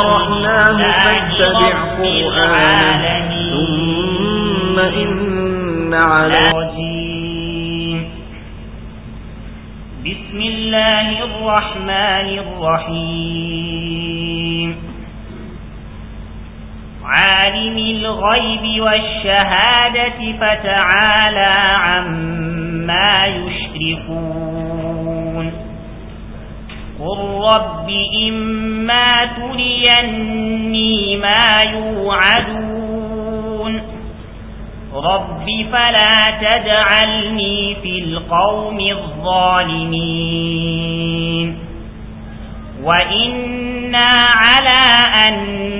شرحناه فاتبع قرآنه ثم إن على بسم الله الرحمن الرحيم عالم الغيب والشهادة فتعالى عما يشركون قل رب إما تريني ما يوعدون رب فلا تجعلني في القوم الظالمين وإنا على أن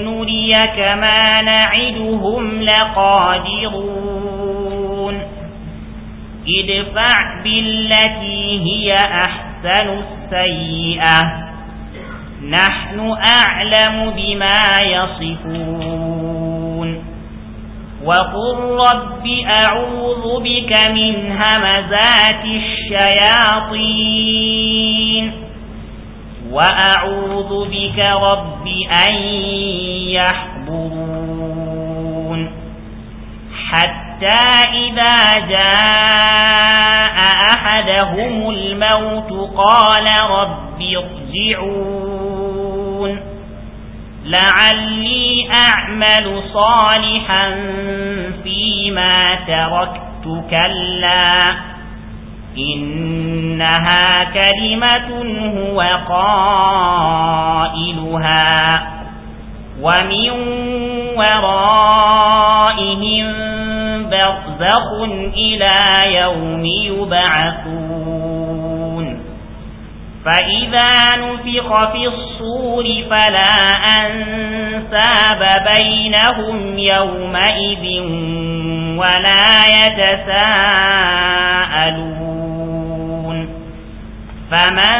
نريك ما نعدهم لقادرون ادفع بالتي هي أحسن السبيل السيئة نحن أعلم بما يصفون وقل رب أعوذ بك من همزات الشياطين وأعوذ بك رب أن يحضرون حتى حتى إذا جاء أحدهم الموت قال رب ارجعون لعلي أعمل صالحا فيما تركت كلا إنها كلمة هو قائلها ومن ورائهم برزخ إلى يوم يبعثون فإذا نفخ في الصور فلا أنساب بينهم يومئذ ولا يتساءلون فمن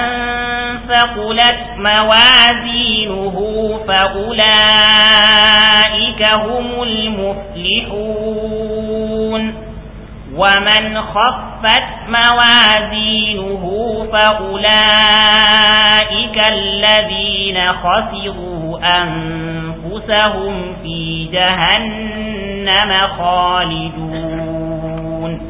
ثقلت موازينه فأولئك هم المفلحون ومن خفت موازينه فأولئك الذين خسروا أنفسهم في جهنم خالدون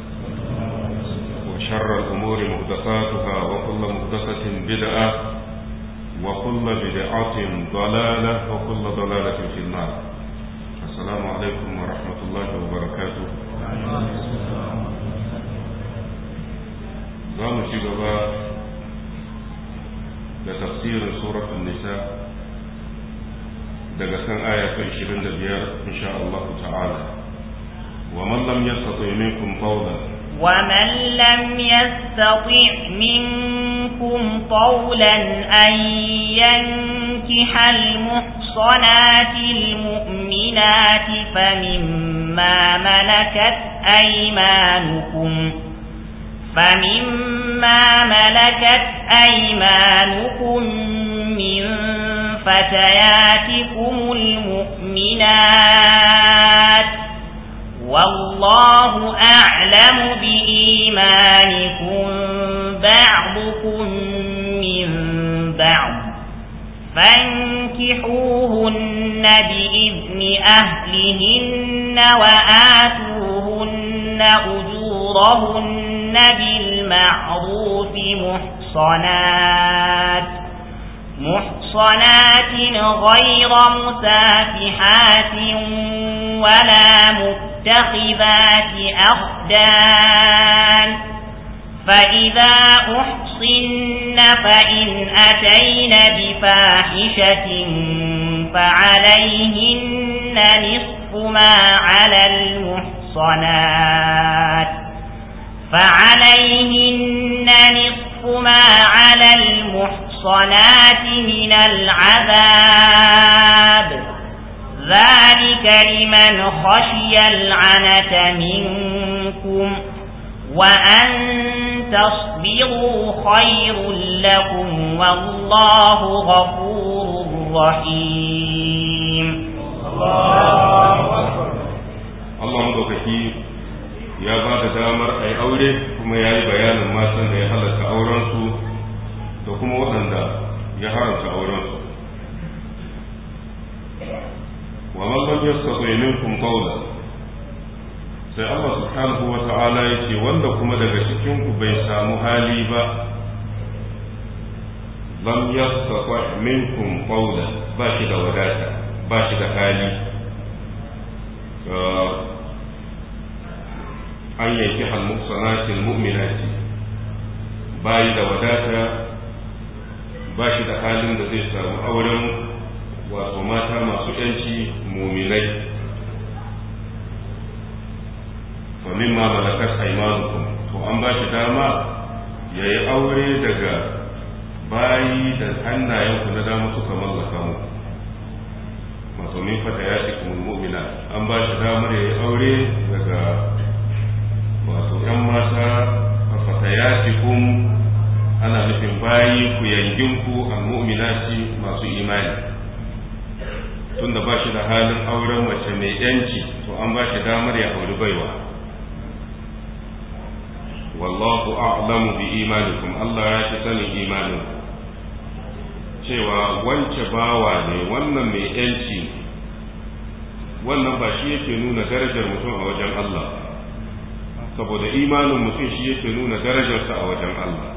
وشر الأمور محدثاتها وكل محدثة بدعة وكل بدعة ضلالة وكل ضلالة في النار السلام عليكم ورحمة الله وبركاته زام جبابا لتفسير سورة النساء دقسان آية 25 إن شاء الله تعالى ومن لم يستطع منكم قولا ومن لم يستطع منكم طولا أن ينكح المحصنات المؤمنات فمما ملكت أيمانكم فمما ملكت أيمانكم من فتياتكم المؤمنات والله أعلم بإيمانكم بعضكم من بعض فانكحوهن بإذن أهلهن وآتوهن أجورهن بالمعروف محصنات محصنات غير مسافحات ولا متخذات أخدان فإذا أحصن فإن أتين بفاحشة فعليهن نصف ما على المحصنات فعليهن نصف ما على المحصنات من العذاب ذلك لمن خشي العنة منكم وأن تصبروا خير لكم والله غفور رحيم الله أكبر الله أكبر يا بعد دامر أي أوله kuma ya yi bayanin matan da ya halatta aurensu da kuma waɗanda ya haramta aurensu wa mallam ya sabai minkum qawla sai Allah subhanahu wa ta'ala yake wanda kuma daga cikin ku bai samu hali ba lam yastata minkum qawlan ba shi da wadata ba shi da hali uh, an yanki al-muhsanatil mu'minati bai da wadata ba shi da halin da zai samu auren wato mata masu yanci muminai fa mimma malakat aymanukum to an ba shi dama yayi aure daga bayi da hannayenku na dama suka mallaka mu wato min fata ya mu'mina an ba shi damar yayi aure daga wato ‘yan mata a kun ana nufin bayi ku yanginku a muminati masu imani tunda ba shi da halin auren mace mai yanci to an ba shi damar ya auri baiwa wallahu a'lamu bi imanikum Allah ya fi sanin imanin cewa wance bawa ne wannan mai yanci wannan ba shi yake nuna darajar mutum a wajen Allah saboda imanin mutum shi yake nuna darajarsa a wajen Allah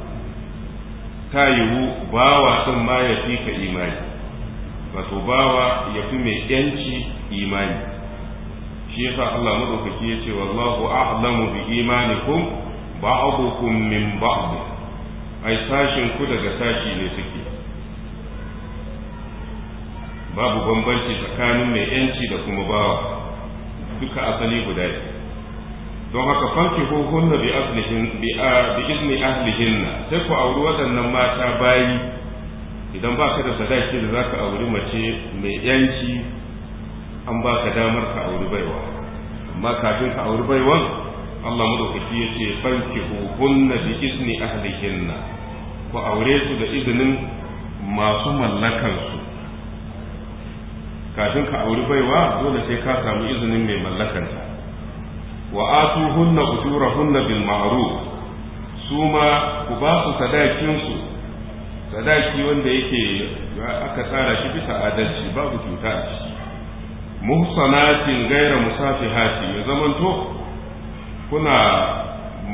ta yiwu bawa sun ma ya fi ka imani wato bawa ya fi mai yanci imani shi yasa Allah madaukaki ya ce wallahu a'lamu bi imanikum ba'dukum min ba'd ai sashin ku daga sashi ne suke babu bambanci tsakanin mai yanci da kuma bawa duka asali guda ne don haka fanki ko hunna bi aslihin bi izni ahlihin sai ku auri waɗannan mata bayi idan ba ka da sadaki da zaka auri mace mai yanci an ba ka damar ka auri baiwa amma kafin ka auri baiwan Allah madaukaki ya ce fanki ko hunna bi izni ahlihin ku aure su da izinin masu mallakansu kafin ka auri baiwa dole sai ka samu izinin mai mallakanta wa atuhunna ujurahunna bil ma'ruf su ma ku ba su su sadaki wanda yake aka tsara shi bisa adalci babu cuta a ciki muhsanatin gaira musafihati ya to kuna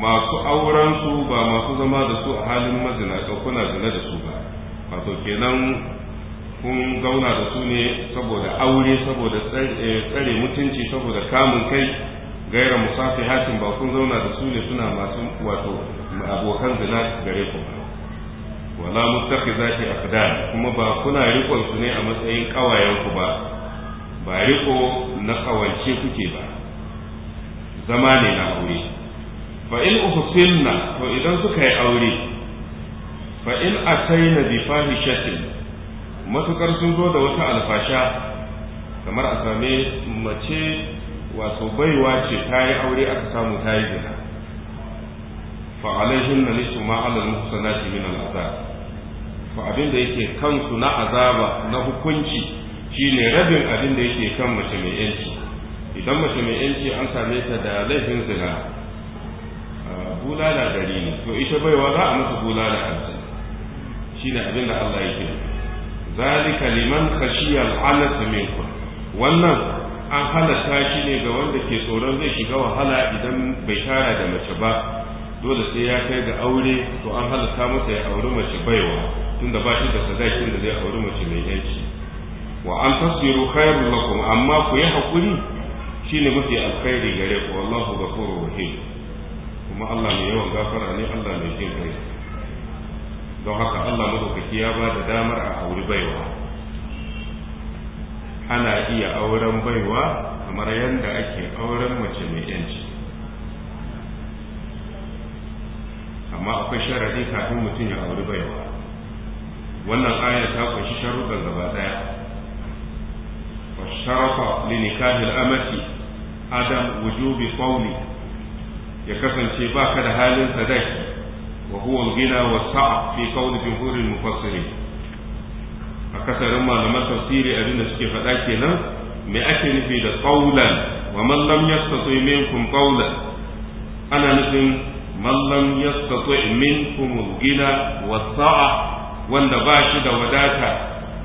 masu auren su ba masu zama da su a halin mazina kuna zina da su ba wato kenan kun zauna da su ne saboda aure saboda tsare mutunci saboda kamun kai gaira musafi hatin ba kun zauna da su ne suna masu wato abokan zina gare ku wala mutaki zaki kuma ba kuna rikon su ne a matsayin kawayen ku ba ba riko na kawance kuke ba zama ne na aure fa in uhsinna to idan suka yi aure fa in ataina bi fahishatin matukar sun zo da wata alfasha kamar a same mace wato baiwa ce ta yi aure aka samu ta yi zina fa alaihin na nisu ma alal na min al fa abin da yake kansu na azaba na hukunci shi ne rabin abin da yake kan mace mai yanci idan mace mai yanci an same ta da laifin zina bulala gari ne to ita baiwa za a mata bulala Shi ne abin da Allah yake zalika liman khashiya al'anata minkum wannan an halatta shi ne ga wanda ke tsoron zai shiga wahala idan bai tara da mace ba dole sai ya kai ga aure to an halatta masa ya auri mace baiwa tunda ba shi da sadakin da zai auri mace mai yanci wa an tasiru khairul lakum amma ku yi hakuri shine mafi alkhairi gare ku wallahu ghafurur rahim kuma Allah mai yawan gafara ne Allah mai jin kai don haka Allah madaukaki ya ba da damar a auri baiwa ana iya auren baiwa kamar yadda ake auren mace mai yanci amma akwai sharaɗi kafin mutum ya auri baiwa wannan ayar ta kunshi sharuɗan gaba ɗaya wa sharafa li amati adam wujubi qawli ya kasance baka da halin sadaki wa huwa al wa sa'a fi qawli jumhuril mufassirin a akasarin malaman tafsiri abin da suke faɗa kenan me ake nufi da qaulan wa man lam yastati minkum qaulan ana nufin man lam yastati minkum gina wa saa wanda ba shi da wadata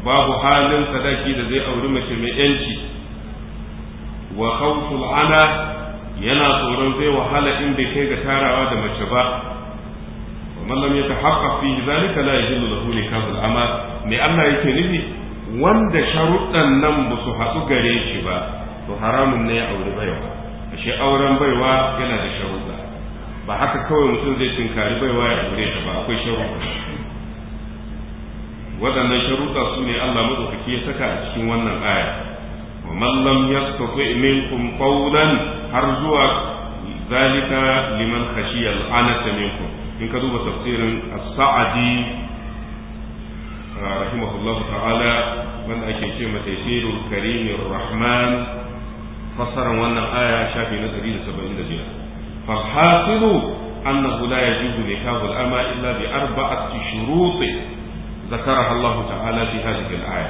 babu halin sadaki da zai auri mace mai yanci wa khawful ana yana tsoron zai wahala in bai kai ga tarawa da mace ba man lam yatahaqqaq fi dhalika la yajidu lahu nikahul ama mai Allah yake nufi wanda sharuɗan nan ba su haɗu gare shi ba to haramun ne ya auri baiwa ashe auren baiwa yana da sharuɗa ba haka kawai mutum zai tinkari baiwa ya aure ta ba akwai sharuɗa waɗannan sharuɗa su ne Allah madaukaki ya saka a cikin wannan aya wa man lam yastati minkum qawlan har zuwa zalika liman khashiya al'anata minkum in ka duba tafsirin as-sa'adi ah, rahimahullahu ta'ala wanda ake ce mata tafsirul karimir rahman fasaran wannan aya shafi na da saba'in 175 fa hasibu annahu la yajuzu nikahul ama illa bi arba'ati shurut ذكرها الله fi في هذه aya.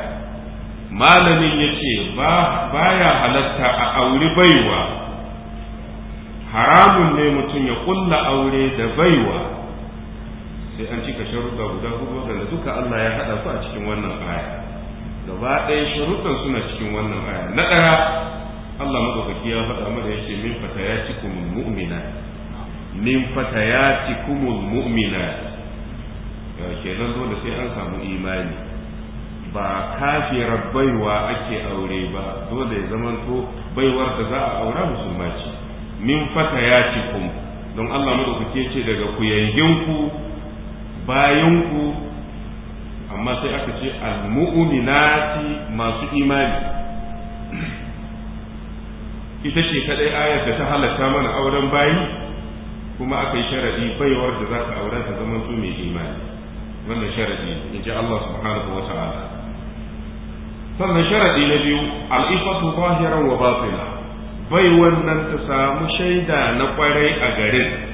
malamin ya ce baya halatta a aure baiwa haramun ne mutum ya kulla aure da baiwa sai an cika sharuɗa guda hudu da duka Allah ya haɗa su a cikin wannan aya gaba ɗaya sharuɗan suna cikin wannan aya na ɗaya Allah madaukaki ya faɗa mana yace min fatayatikum mu'mina min fatayatikum mu'mina nan dole sai an samu imani ba kafirar baiwa ake aure ba dole ya zamanto baiwar da za a aura musulma ce min fata ya ci don Allah madaukake ce daga ku bayanku amma sai aka ce al-mu'minati masu imani ita ce kadai ayar da ta halatta mana auren bayi kuma aka yi sharadi baiwar da za ka auren ta zama su mai imani wannan sharadi in ji Allah subhanahu wa ta'ala sannan sharadi na biyu al-ifatu zahiran wa batina bai wannan ta samu shaida na kwarai a garin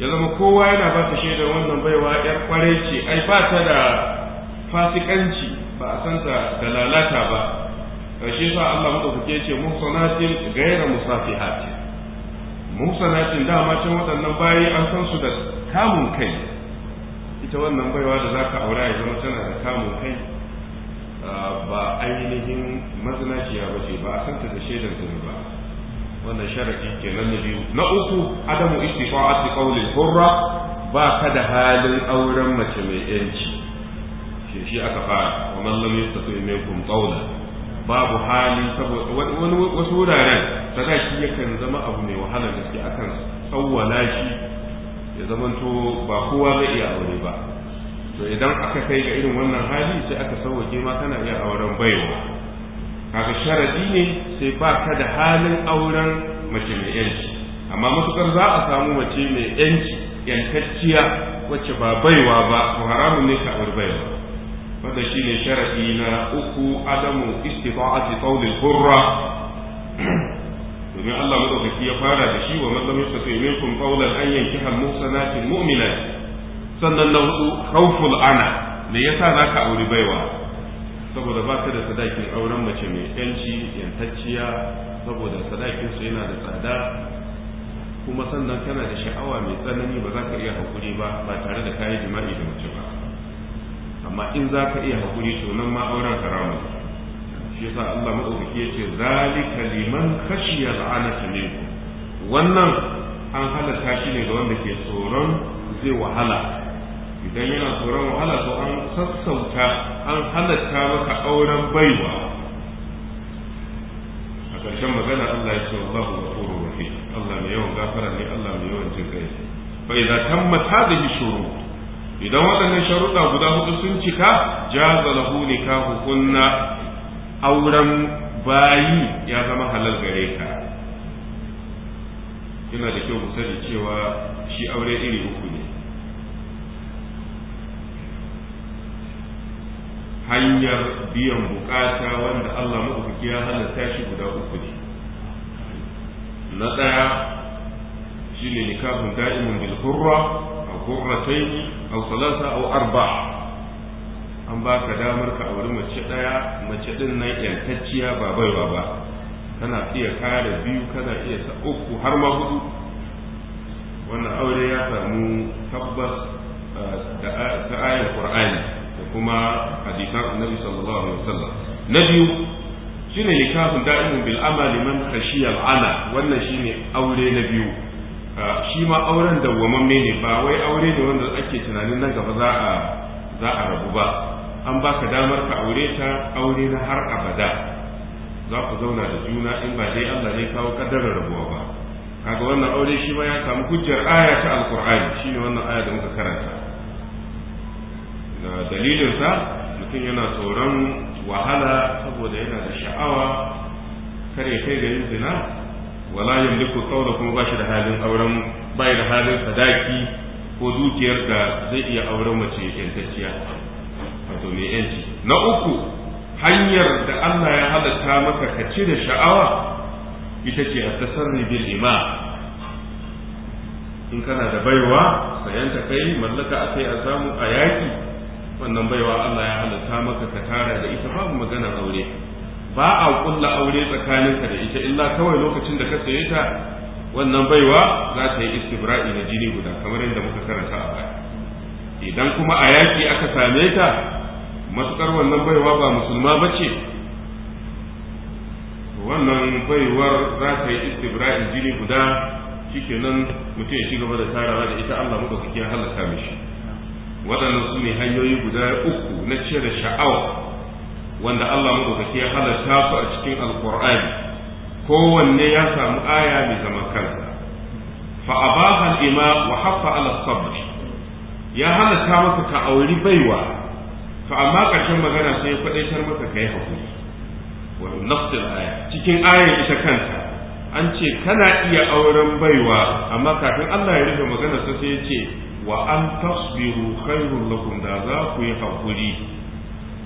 ya zama kowa yana ba ta shaidar wannan baiwa yar kwarai ce ai ba ta da fasikanci ba a santa da lalata ba shi sa Allah madaukake ce muhsanatin ghayra musafihat muhsanatin dama can waɗannan bayi an san su da kamun kai ita wannan baiwa da zaka aura ya zama tana da kamun kai ah, ba ainihin mazinaciya ba ce ba a santa da shaidar zina ba wannan sharadi kenan na biyu na uku adamu istifa'ati qawli hurra ba ka da halin auren mace mai yanci shi shi aka fara wa man lam yastati minkum qawla babu hali saboda wani wasu wuraren sadaki yakan zama abu mai wahala da suke akan tsawwala shi ya zamanto ba kowa zai iya aure ba to idan aka kai ga irin wannan hali sai aka sauwake ma kana iya auren baiwa kaga sharadi ne sai ba ka da halin auren mace mai yanci amma matukar za a samu mace mai yanci yankacciya wacce ba baiwa ba to haramun ne ka aure baiwa wanda ne sharadi na uku adamu istifa'ati qawlil hurra domin Allah madaukaki ya fara da shi wa man lam yastati minkum qawlan an yankiha al-muhsanati muminat sannan na hudu khawful ana me yasa zaka aure baiwa saboda ba ta da sadakin auren mace mai yanci yantacciya saboda sadakin su yana da tsada kuma sannan kana da sha'awa mai tsanani ba za ka iya haƙuri ba ba tare da kayan jima'i da mace ba amma in za ka iya haƙuri to nan ma auren haramu shi yasa Allah madaukaki yace zalika liman khashiya al'anata minkum wannan an halaka shi ne ga wanda ke tsoron zai wahala idan yana tsoron wahala to an sassauta an halatta maka auren baiwa a ƙarshen magana Allah ya ce wallahu ghafurur rahim Allah mai yawan gafara ne Allah mai yawan jin kai fa idza tammat hadhihi shurut idan waɗannan sharuɗa guda hudu sun cika jaza lahu nikahu kunna auren bayi ya zama halal gare ka yana da kyau mu sani cewa shi aure iri uku hanyar biyan bukata wanda Allah maɗaukaki ya halatta shi guda uku ne na ɗaya shi ne nikahun da'imun bil hurra aw a aw salasa wa'ar arba'a an baka damar ka auri mace ɗaya mace ɗin na yantacciya ba bai ba kana iya kare biyu kana iya sa uku har ma hudu wannan aure ya samu tabbas eh, da ayar qur'ani kuma hadisan annabi sallallahu alaihi wasallam na biyu shine likafin da'imun bil amali man khashiya al ala wannan shine aure na biyu ah, shi ma auren dawwamamme ne ba wai aure ne wanda ake tunanin nan gaba za a za a rabu ba an baka damar ka aure ta aure na har abada za ku zauna da juna in ba dai Allah ne kawo kaddarar rabuwa ba kaga wannan aure shi ma ya samu hujjar aya ta alqur'ani shine wannan aya da muka karanta dalilinsa mutum yana tsoron wahala saboda yana da sha'awa kare kai da yin zina wala yamliku qawla kuma ba shi da halin auren bai da halin sadaki ko dukiyar da zai iya auren mace yantacciya wato mai yanci na uku hanyar da Allah ya halatta maka ka ci da sha'awa ita ce a tasarri bil ima in kana da baiwa sayan ta kai mallaka akai a samu a yaki wannan baiwa Allah ya halatta maka ka tara da ita babu magana aure ba a kulla aure tsakaninka da ita illa kawai lokacin da ka saye ta wannan baiwa za ta yi istibra'i na jini guda kamar yadda muka karanta a baya idan kuma a yaki aka same ta matukar wannan baiwa ba musulma ba ce wannan baiwar za ta yi istibra'i jini guda shikenan mutum ya ci gaba da tarawa da ita Allah muka ya halaka mishi waɗannan su ne hanyoyi guda uku na cire sha'awa wanda Allah madaukaki ya halatta su a cikin alkur'ani kowanne ya samu aya mai zaman kansa fa abaha al-ima wa hafa ala sabr ya halatta maka ka auri baiwa to amma ƙarshen magana sai ya faɗaitar maka kai hakuri wa nafsul aya cikin ayar ita kanta an ce kana iya auren baiwa amma kafin Allah ya rufe magana sai ya ce wa an tasbiru khairul lakum da za ku yi hakuri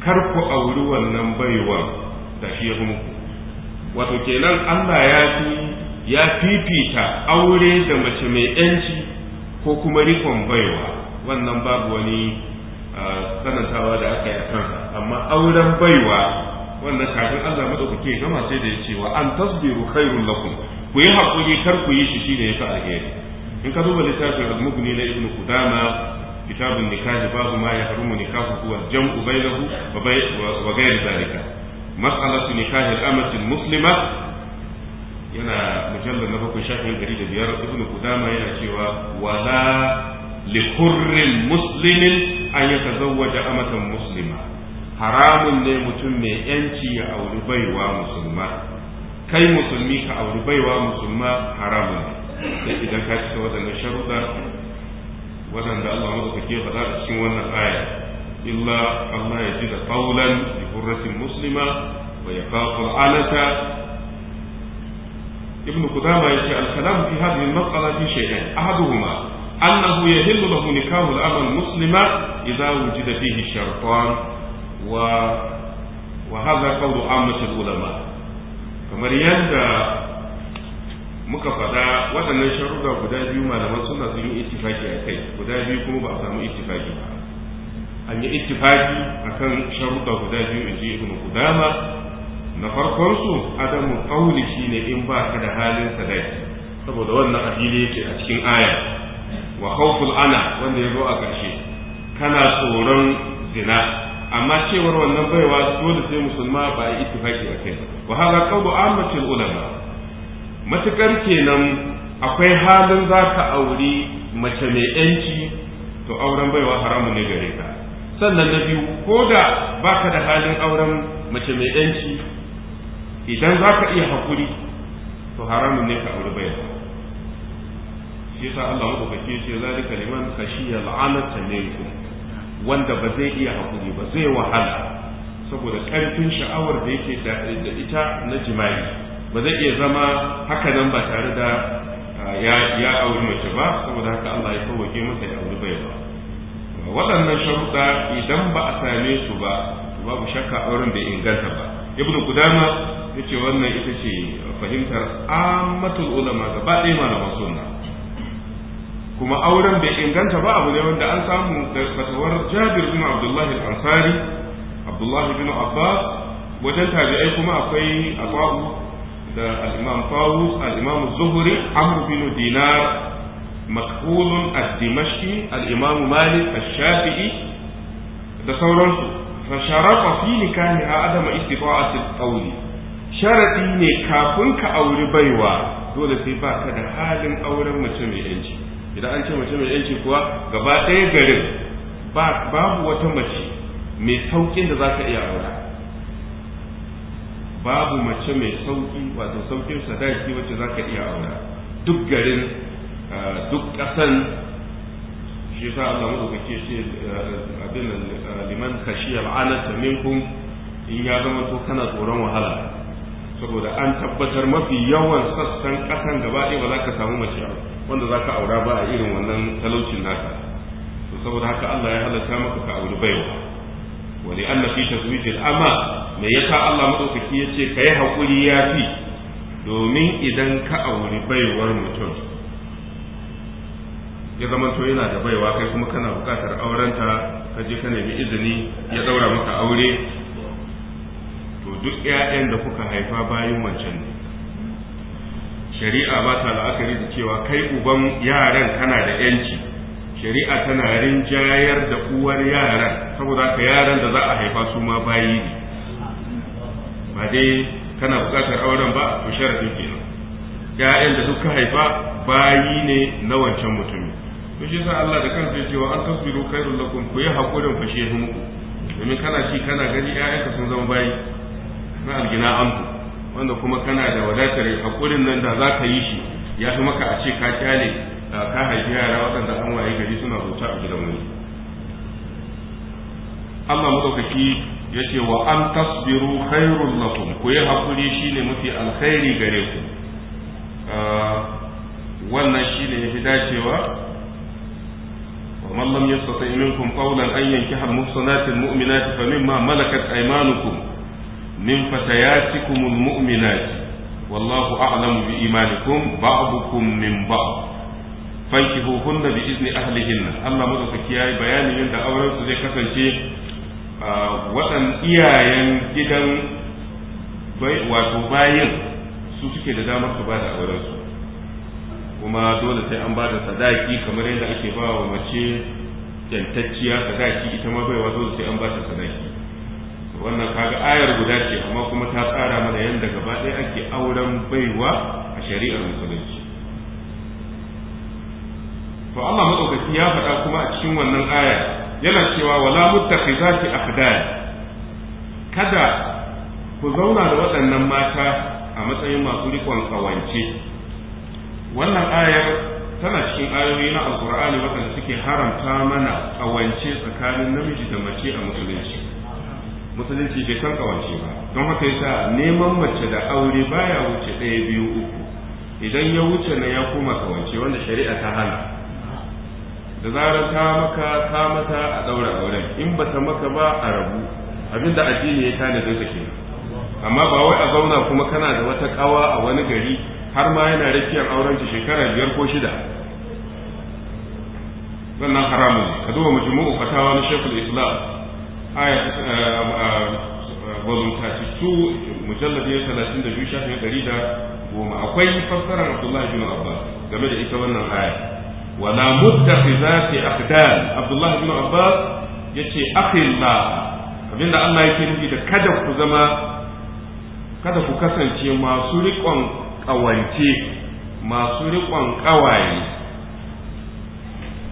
kar ku auri wannan baiwa da shi ya muku wato kenan Allah ya fi ya fifita aure da mace mai yanci ko kuma rikon baiwa wannan babu wani sanatawa da aka yi kansa amma auren baiwa wannan kafin Allah madaukake gama sai da ya ce wa an tasbiru khairul lakum ku yi hakuri kar ku yi shi shine yafi alheri in ka duba littafin al-mughni na ibnu qudama kitabun nikahi babu ma yahrumu nikahu wal jam'u bainahu wa ghayr dhalika mas'alatu nikahi al-amati al-muslima yana mujallal na bakwai shafin gari da biyar ibnu qudama yana cewa wala li hurrin muslimin an yatazawwaja amatan muslima haramun ne mutum mai yanci ya auri baiwa musulma kai musulmi ka auri baiwa musulma haramun ne sai idan ka cika waɗannan sharuɗa waɗanda Allah madaukake ya faɗa a cikin wannan aya illa Allah ya ji da qawlan bi hurratin muslima wa yaqafu alata ibn qudama yace al-kalam fi hadhihi al-maqala fi shay'ain ahaduhuma أنه يهل له نكاح الأمة المسلمة إذا وجد فيه Wa و... وهذا قول عامة ulama. kamar yadda muka faɗa waɗannan sharuɗa guda biyu malaman suna sun yi ittifaki a kai guda biyu kuma ba a samu ittifaki ba an yi ittifaki akan sharuɗa guda biyu in ji ibn kudama na farkon su adamu qawli shine in ba ka da halin sadai saboda wannan afili yake a cikin aya wa khawful ana wanda ya zo a ƙarshe kana tsoron zina amma cewar wannan baiwa dole sai musulma ba a ittifaki a kai wa hada qawlu ammatul ulama matukar kenan akwai halin za ka auri mace mai yanci to auren baiwa haramun ne gare ka sannan na biyu ko da baka da halin auren mace mai yanci idan za ka iya haƙuri to haramun ne ka auri baiwa shi yasa Allah madaukake ce shi liman khashiya ne minkum wanda ba zai iya haƙuri ba zai wahala saboda ƙarfin sha'awar da yake da ita na jima'i ba zai iya zama haka nan ba tare da ya auri mace ba saboda haka Allah ya sauwake masa ya auri bai ba waɗannan sharuɗa idan ba a same su ba babu shakka auren bai inganta ba ibn kudama ya ce wannan ita ce fahimtar ammatul ulama ba ɗaya malaman sunna kuma auren bai inganta ba abu ne wanda an samu da fatawar jabir bin abdullahi al-ansari abdullahi bin abbas wajen tabi'ai kuma akwai abu da al-imam Tawus al-imam Zuhri Amr bin Dinar مكحول الدمشقي الإمام مالك الشافعي da sauransu fasharafa fi a adama istita'ati al aure. sharadi ne kafin ka auri baiwa dole sai baka da halin auren mace mai yanci idan an ce mace mai yanci kuwa gaba ɗaya garin babu wata mace mai saukin da zaka iya aura babu mace mai sauki wato saukin sadaki wacce za ka iya aura duk garin duk ƙasan shi sa Allah mu ke ce abin liman khashiyal anata minkum in ya zama to kana tsoron wahala saboda an tabbatar mafi yawan sassan ƙasan gaba ɗaya ba za ka samu mace wanda za ka aura ba a irin wannan talaucin naka saboda haka Allah ya halatta maka ka auri baiwa wa li anna fi tazwijil ama me yasa Allah madaukaki ya ce kai hakuri ya fi domin idan ka auri baiwar mutum ya to yana da baiwa kai kuma kana bukatar aurenta ka je ka nemi izini ya daura maka aure to duk 'ya'yan da kuka haifa bayan wancan ne shari'a ba ta la'akari da cewa kai uban yaran kana da yanci shari'a tana rinjayar da uwar yaran saboda ka yaran da za a haifa su ma bayi ne ba dai kana bukatar auren ba to sharadin nan ya'yan da duka haifa bayi ne na wancan mutumin to shi yasa Allah da kansa ya ce wa an tasbiru khairul lakum ku yi hakurin fa shehu muku domin kana ci kana gani ka sun zama bayi na algina amku wanda kuma kana da wadatar hakurin nan da za ka yi shi ya fi maka a ce ka kyale ka haifi yara waɗanda an waye gari suna bauta a gidan wani Allah madaukaki yace wa an tasbiru khairul lakum ku yi hakuri shine mafi alkhairi gare ku ah, wannan shine yafi dacewa wa man lam yastati minkum qawlan an yankiha al-muhsanati al-mu'minati famimma malakat aymanukum min fatayatikum al-mu'minati wallahu a'lamu bi imanikum ba'dukum min ba'd fankihuhunna bi izni ahlihinna Allah madaukaki yayi bayanin yadda auren su zai kasance Ah, waɗan iyayen gidan wato bayan su suke da damar su ba da aurensu kuma dole sai an ba da sadaki kamar yadda ake ba wa mace yantacciya sadaki ita ma baiwa dole sai an ba ta sadaki wannan kaga ayar guda ce amma kuma ta tsara mana yadda gaba ɗaya ake auren baiwa a shari'ar musulunci to Allah madaukaki ya faɗa kuma a cikin wannan aya yana cewa wala muttakhizati akhdan kada ku zauna da waɗannan mata a matsayin masu rikon kawance wannan ayar tana cikin ayoyi na alkur'ani waɗanda suke haramta mana kawance tsakanin namiji da mace a musulunci musulunci bai san kawance ba don haka yasa neman mace da aure baya wuce ɗaya biyu uku idan ya wuce na ya koma kawance wanda shari'a ta hana da zarar ta maka ta mata a daura auren in ba ta maka ba a rabu abinda addini ya tanadin da ke amma ba wai a zauna kuma kana da wata kawa a wani gari har ma yana rakiyar auren ta shekara biyar ko shida wannan haramun ka duba mu. fatawa na shekul islam aya eh, eh, volume 32 mujallad ya 32 shafin goma. akwai fassarar abdullahi bin abba game da ita wannan aya wala muttakhizati akhdan abdullahi bin abbas yace akhilla abinda Allah yake nufi da kada ku zama kada ku kasance masu riƙon ƙawance masu riƙon ƙawaye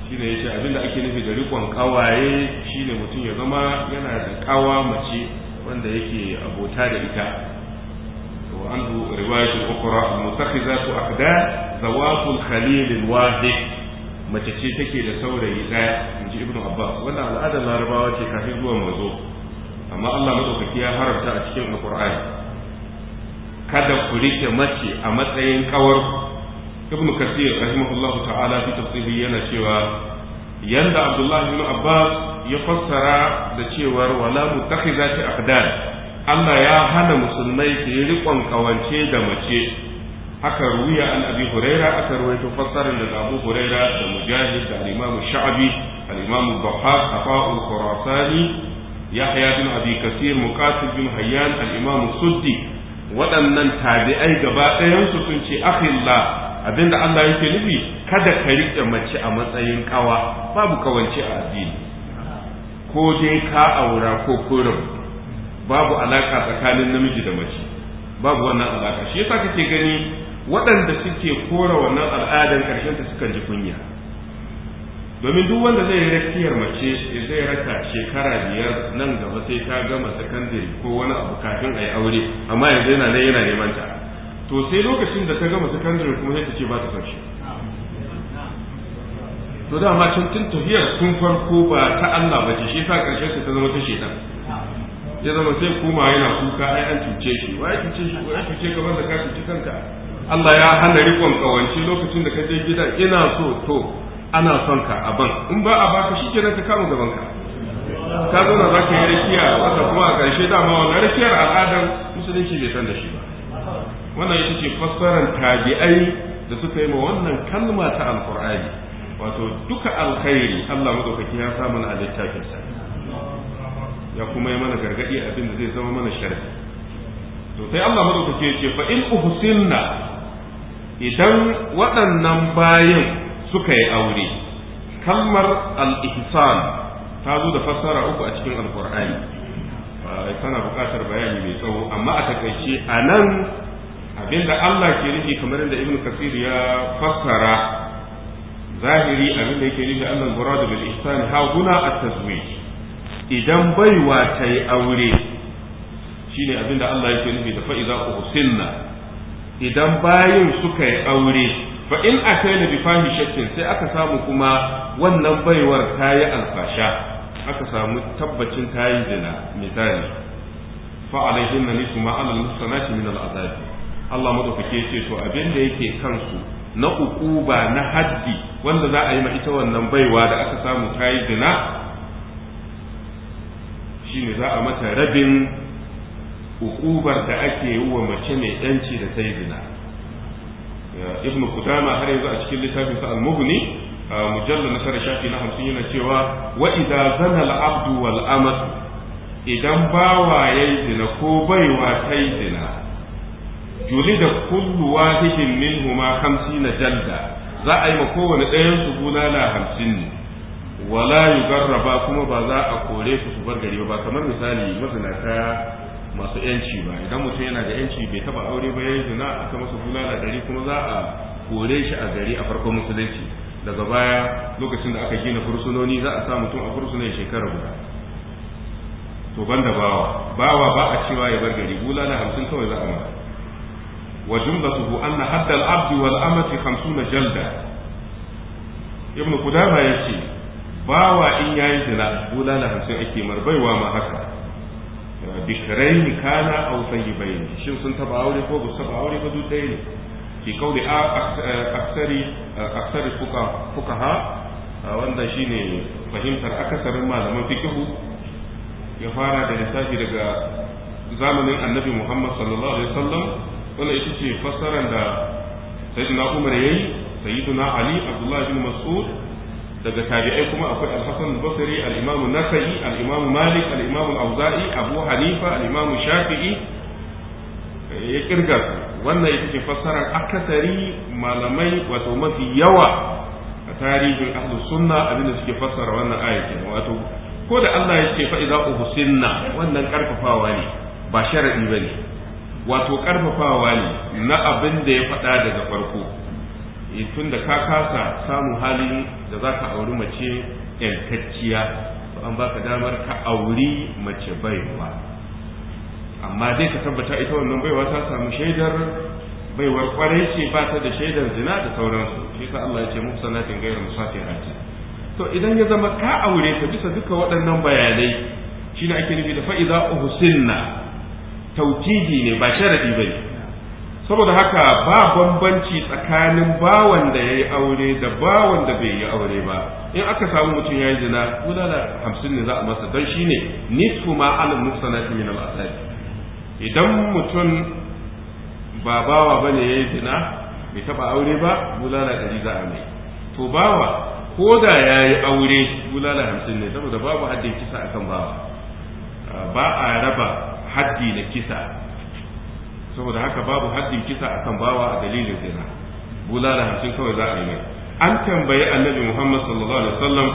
shine yace abinda ake nufi da riƙon ƙawaye shine mutum ya zama yana da ƙawa mace wanda yake abota da ita zo riwayatul أخرى mutakhizatu aqda zawatul الخليل wahid mace ce take da saurayi daya in ji ibnu abbas wannan al'adar larabawa ce kafin zuwa mazo amma Allah madaukaki ya haramta a cikin alqur'ani kada ku rike mace a matsayin kawar ibnu kasir rahimahullah ta'ala fi tafsiri yana cewa yanda abdullah ibn abbas ya fassara da cewar wala mutakhizati aqdan Allah ya hana musulmai su yi riƙon kawance da mace haka ruwiya an abi huraira aka ruwaito fassarar da abu huraira da mujahid da Al'imamu imam sha'abi al-imam bahar afa'ul khurasani yahya bin abi kasir muqatil bin hayyan al-imam suddi waɗannan tabi'ai gaba ɗayan su sun ce akhilla abinda Allah yake nufi kada ka riƙe mace a matsayin kawa babu kawance a addini ko dai ka aura ko kurum babu alaka tsakanin namiji da mace babu wannan alaka shi yasa kake gani waɗanda suke kora wannan al'adan ƙarshen ta sukan ji kunya domin duk wanda zai yi rakiyar mace zai raka shekara biyar nan gaba sai ta gama sakandare ko wani abu kafin a yi aure amma yanzu yana nan yana neman ta to sai lokacin da ta gama sakandare kuma sai ta ce ba ta son shi to da can tun tafiyar sun farko ba ta Allah ba ce shi yasa ƙarshen ta zama ta shetan ya zama sai kuma yana kuka ai an cuce shi wai cuce shi wai cuce kamar da ka cuce kanka Allah ya hana rikon kawanci lokacin da ka je gida ina so to ana son ka a ban in ba a baka shi shikenan ka kama gaban ka ka zo za ka yi rakiya wanda kuma a ƙarshe ma wannan rakiyar al'adar musulunci bai san da shi ba wannan ita ce fassarar tabi'ai da suka yi ma wannan kalma ta alqur'ani wato duka alkhairi Allah madaukaki ya sa mana a sa ya kuma yi mana gargadi abin da zai zama mana sharri to sai Allah madaukaki ya ce fa in uhsinna idan waɗannan bayan suka yi aure kalmar al-ihsan ta zo da fassara uku a cikin alkur'ani tana buƙatar bayani mai tsawo amma a takaice a nan abinda Allah ke nufi kamar yadda ibn kasir ya fassara zahiri abinda yake nufi annal muradu bil ihsan ha guna at-tazwij idan baiwa ta yi aure shine abinda Allah yake nufi da fa'iza uhsinna idan bayin suka yi aure fa in ataina bi fahishatin sai aka samu kuma wannan baiwar ta yi alfasha aka samu tabbacin tayi yi zina misali fa alaihin na nisu ma alal musanati min al'azab Allah madaukake ce to abin da yake kansu na ukuba na haddi wanda za a yi ma ita wannan baiwa da aka samu ta yi zina shine za a mata rabin hukubar da ake yi wa mace mai yanci da sai zina ibn kudama har yanzu a cikin littafin sa al-mughni mujallal na tara shafi na hamsin yana cewa wa idza zana al-abdu wal amatu idan bawa yayi zina ko baiwa yi zina julida kullu wahidin minhuma 50 jalda za a yi ma kowane ɗayan su la hamsin ne wala yugarraba kuma ba za a kore su su bar gari ba kamar misali mazinata masu yanci ba idan mutum yana da yanci bai taba aure ba yayin zina aka masa bulala gari kuma za a kore shi a gari a farkon musulunci daga baya lokacin da aka gina fursunoni za a sa mutum a ya shekara guda to banda bawa bawa ba a cewa ya bar gari bulala hamsin kawai za a ma. wa jumlatuhu anna hadda al abd wal amati 50 jalda ibn qudama yace bawa in yayi zina bulala hamsin ake marbaiwa ma haka bishrayn kana aw bai shin sun taba aure ko ba su taba aure ba duk ɗaya ne fi kauli aksari aksari fuka fukaha wanda shine fahimtar akasarin malaman fikihu ya fara da lissafi daga zamanin annabi Muhammad sallallahu alaihi wasallam wannan ita ce fassarar da sayyidina Umar yayi sayyidina Ali Abdullah bin Mas'ud daga tabi'ai kuma akwai al-hasan al-basri al-imam an-nasa'i al-imam malik al-imam al-auza'i abu hanifa al-imam shafi'i eh, ya kirga wannan ita ce fassarar akasari malamai wato mafi yawa a tarihin ahlus sunna abinda suke fassara wannan ayat wato ko da Allah ya ce fa idza uhsinna wannan karfafawa ne ba sharadi bane wato karfafawa ne na abin da ya faɗa daga farko tun da ka kasa samun hali da za ka auri mace yankacciya to an baka damar ka auri mace baiwa amma dai ka tabbata ita wannan baiwa ta samu shaidar baiwar kwarai ce ba ta da shaidar zina da sauransu shi ka Allah ya ce muku sanatin gairar musafirati to idan ya zama ka aure ta bisa duka waɗannan bayanai shine ake nufi da fa'iza uhsinna tawkidi ne ba sharadi bane saboda haka ba bambanci tsakanin bawan da ya yi aure da bawan da bai yi aure ba in aka samu mutum ya yi zina, guda da hamsin ne za a masa don shi ne nisfu ma alal musanati min al idan mutum ba bawa ba ne ya yi zina, bai taba aure ba bulala ɗari za a mai to bawa ko da ya yi aure bulala hamsin ne saboda babu haddin kisa akan bawa ba a raba haddi da kisa saboda haka babu haddin kisa a kan bawa a dalilin zina bulala hamsin kawai za a yi mai an tambayi annabi muhammad sallallahu alaihi wasallam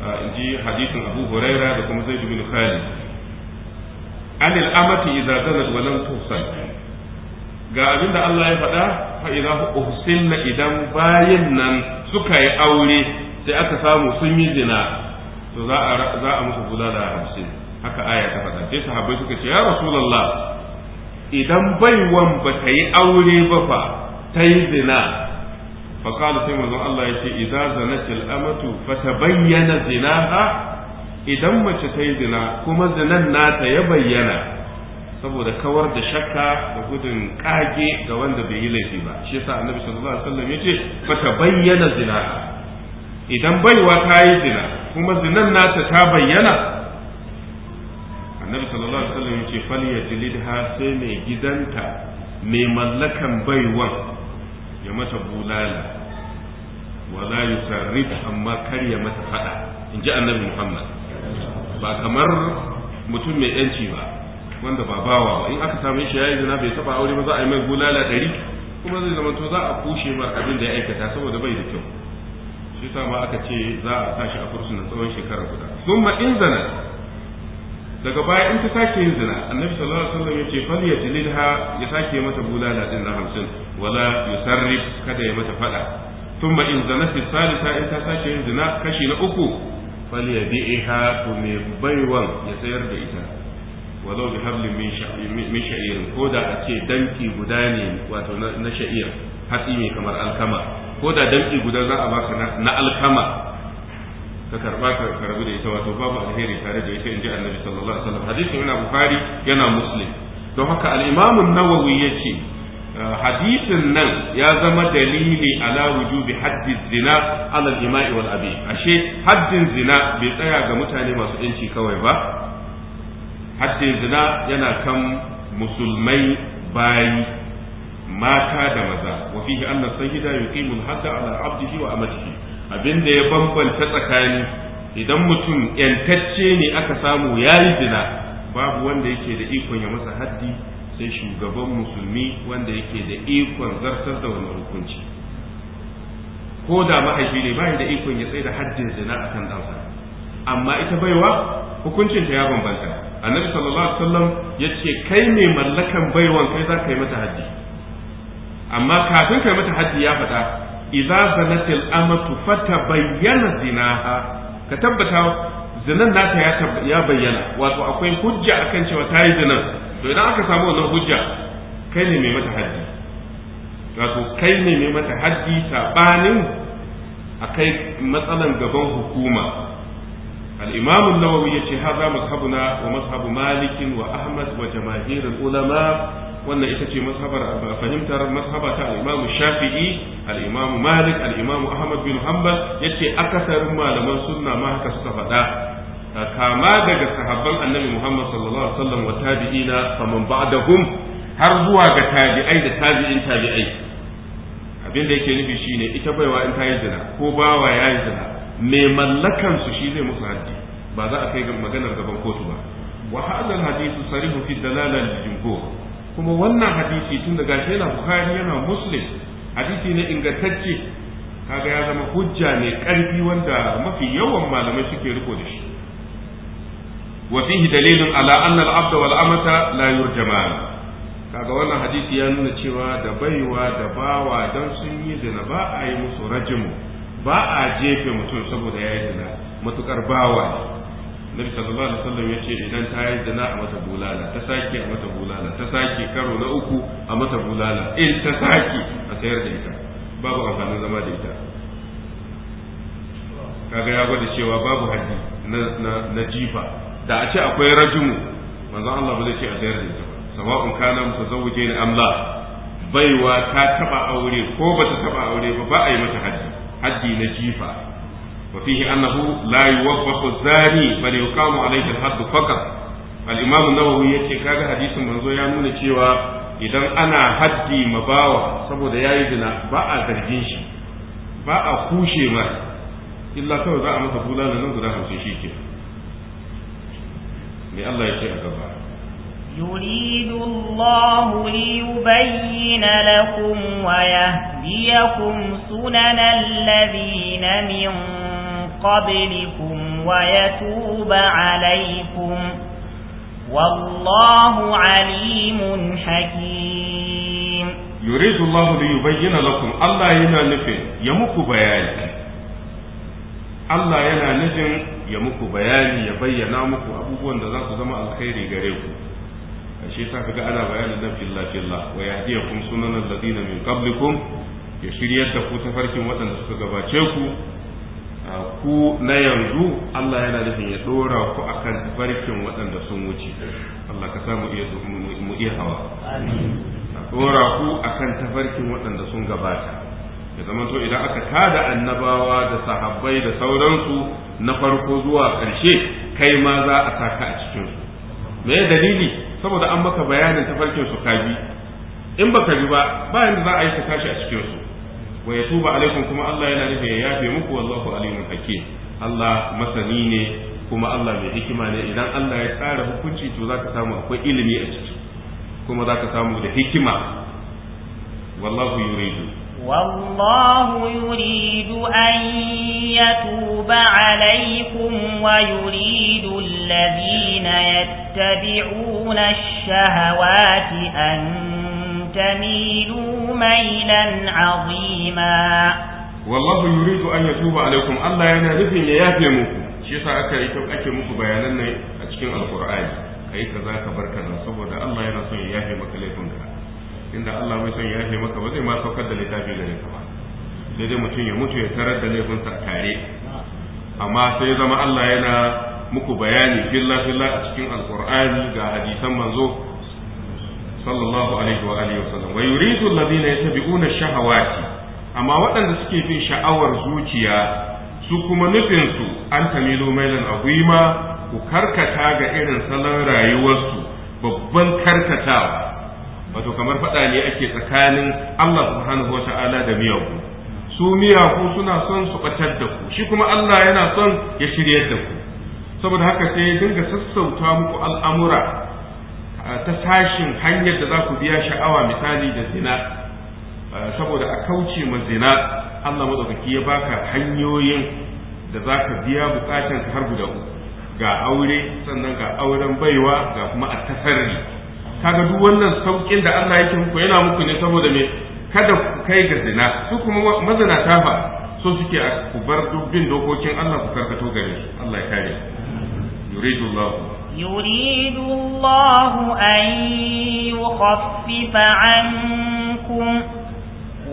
uh, in ji hadisin abu huraira da kuma zai bin khalid an amati idza zanat wa lam tuhsan ga abinda Allah ya faɗa fa idza uhsinna idan bayin nan suka yi aure sai aka samu sun yi zina to za a za a musu bulala hamsin haka aya ta faɗa sai sahabbai suka ce ya rasulullah idan baiwan ba ta yi aure ba fa ta yi zina Allah فقال سيما زن الله يشي إذا زنت zinaha. Idan mace ta zina zina, zinan zinan nata ya bayyana, saboda kawar da shakka da gudun kage ga wanda bai yi laifi ba shi yasa annabi sallallahu alaihi wasallam yace fa tabayyana bayyana zina idan baiwa ta yi zina kuma zinan nata ta bayyana annabi sallallahu alaihi wasallam yace fal yajlidha sai mai gidanta mai mallakan baiwa ya mata bulala wala yusarrif amma kar ya mata fada in ji annabi Muhammad ba kamar mutum mai yanci ba wanda ba bawa in aka same shi yayi zina bai taba aure ba za a yi mai bulala dari kuma zai zama to za a kushe mar abin da ya aikata saboda bai da kyau shi sa ma aka ce za a sa shi a kursu na tsawon shekara guda kuma in zana daga baya in ta sake yin zina annabi sallallahu alaihi wasallam yace fal yajlidha ya sake mata bulala din na 50 wala yusarrif kada ya mata fada thumma in zanat thalitha in ta sake yin zina kashi na uku fal yabiha to me baiwan ya sayar da ita walau bi hablin min sha'ir ko da a ce danki guda ne wato na sha'ir hatsi ne kamar alkama ko da danki guda za a baka na alkama ka karba ka rabu da ita wato babu alheri tare da ita inji annabi sallallahu alaihi wasallam hadisin yana bukhari yana muslim don haka al-imam an-nawawi yace ah, hadisin nan ya zama dalili ala wujubi haddi zina ala jima'i wal abi ashe haddin zina bai tsaya ga mutane masu yanci kawai ba haddin zina yana kan musulmai bayi mata da maza wa fihi anna sayyida yuqimu al-hadda ala abdihi wa amatihi abin da ya bambanta tsakani idan mutum yantacce ne aka samu ya yi dina babu wanda yake da ikon ya masa haddi sai shugaban musulmi wanda yake da ikon zartar da wani hukunci ko da mahaifi ne bayan da ikon ya tsaye da haddin zina a kan ɗansa amma ita baiwa hukuncinta ya bambanta annabi sallallahu alaihi wasallam ya ce kai ne mallakan baiwan kai za ka yi mata haddi amma kafin kai mata haddi ya faɗa idza zanatil amatu fatabayyana zinaha ka tabbata zinan nata ya bayyana wato akwai hujja akan cewa ta yi zinan to idan aka samu wannan hujja kai ne mai mata haddi wato kai ne mai mata haddi sabanin akai matsalan gaban hukuma الإمام wa يقول هذا مذهبنا ومذهب مالك وأحمد وجماهير العلماء wannan ita ce mazhabar fahimtar mazhaba ta al Shafi'i al-Imam Malik al Ahmad bin Hanbal yace akasarin malaman sunna ma haka suka faɗa kama daga sahabban Annabi Muhammad sallallahu alaihi wasallam wa tabi'ina faman ba'dahum har zuwa ga tabi'ai da tabi'in tabi'ai abin da yake nufi shine ita baiwa in ta yi zina ko bawa ya yi zina mai mallakan su shi zai musu haddi ba za a kai maganar gaban kotu ba wa hadal hadithu sarihu fi dalalal jumhur kuma wannan hadisi tun da gashi yana bukari yana muslim hadisi ne ingantacce kaga ya zama hujja ne karfi wanda mafi yawan malamai suke riko da shi wa fihi dalilun ala anna al-abd wal amata la yurjaman kaga wannan hadisi ya nuna cewa da baiwa da bawa dan sun yi zina ba a yi musu rajimu ba a jefe mutum saboda ya yi zina matukar bawa ne nabi sallallahu alaihi wasallam yace idan ta yi zina a mata bulala ta sake a mata bulala ta sake karo na uku a mata bulala in ta sake a sayar da ita babu amfanin zama da ita kaga ya gwada cewa babu haddi na jifa da a ce akwai rajumu manzon Allah ba zai ce a sayar da ita ba sawa'un kana mutazawwije ne amla baiwa ta taba aure ko bata taba aure ba ba a yi mata haddi haddi na jifa وفيه أنه لا يوفق الزاني بل يقام عليه الحد فقط الإمام النووي يتي كاغا حديث منزو يا نونا cewa idan ana haddi mabawa saboda yayi zina ba a zargin shi ba a kushe ma illa kawai za a masa bulala nan guda hamsin shi ke me Allah a gaba يريد الله ليبين لكم ويهديكم سنن الذين من قبلكم ويتوب عليكم والله عليم حكيم يريد الله ليبين لكم الله ينا نفي يمك بياني Allah yana nufin ya muku bayani ya bayyana muku abubuwan da za su zama alkhairi gare ku shi ka kaga ana bayanin nan filla filla wa yahdiyakum sunanan ladina min qablikum ya shiryar da ku tafarkin waɗanda suka gabace ku ku na yanzu Allah yana nufin ya dora ku akan barkin waɗanda sun wuce Allah ka samu iya mu iya hawa dora ku akan tafarkin waɗanda sun gabata ya zama to idan aka tada annabawa da sahabbai da sauransu na farko zuwa ƙarshe kai ma za a saka a cikin su me dalili saboda an maka bayanin tafarkin su kabi in baka bi ba ba yanda za a yi ka tashi a cikinsu. wa ya tuba alaikum kuma Allah yana nufin ya yafe muku wallahu alimun hakim Allah masani ne kuma Allah mai hikima ne idan Allah ya tsara hukunci to zaka samu akwai ilimi a ciki kuma zaka samu da hikima wallahu yuridu والله يريد أن يتوب عليكم ويريد الذين يتبعون الشهوات أن تميلوا ميلا عظيما والله يريد أن يتوب عليكم الله yana nufin ya yafe muku shi yasa aka yi ake muku bayanan nan a cikin alqur'ani kai kaza ka barka kaza saboda Allah yana son ya yafe maka ka. inda Allah bai son ya yafe maka ba zai ma saukar da littafi gare ka ba sai dai mutum ya mutu ya tarar da laifinsa a tare amma sai zama Allah yana muku bayani filla filla a cikin alqur'ani ga hadisan manzo sallallahu alaihi wa alihi wasallam wa yuridu alladhina yattabi'una amma waɗanda suke bin sha'awar zuciya su kuma nufin su an tamilu mailan agwima ku karkata ga irin salon rayuwarsu babban karkatawa wato kamar faɗa ne ake tsakanin Allah subhanahu wa ta'ala da miyagu su miyagu suna son su ɓatar da ku shi kuma Allah yana son ya shiryar da ku saboda haka sai dinga sassauta muku al'amura ta sashin hanyar da za ku biya sha'awa misali da zina eh, saboda a kauce ma zina Allah madaukaki ya baka hanyoyin da za ka biya bukatan har guda uku ga aure sannan ga auren baiwa ga kuma a tasarri kaga duk wannan saukin da Allah yake muku yana muku ne saboda me kada ku kai ga zina su kuma mazana tafa so suke ku bar dubbin dokokin Allah ku karkato gare shi Allah ya kare yuridullahu يريد الله أن يخفف عنكم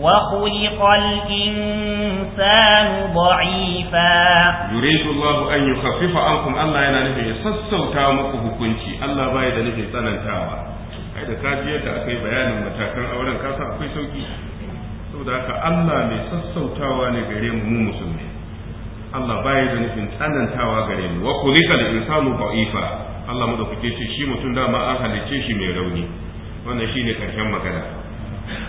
وخلق الإنسان ضعيفا يريد الله أن يخفف عنكم الله ينا نفي سسو تامك هكونتي الله بايد نفي سنن تاوى هذا كافية أكي بيان متاكرا أولا كاسا أكي سوكي saboda haka Allah mai sassautawa ne gare mu mu musulmi Allah baya da nufin tsanantawa gare mu wa kulikal insanu da'ifa Allah mu da kuke ce shi mutum dama an halicce shi mai rauni wannan shine karshen magana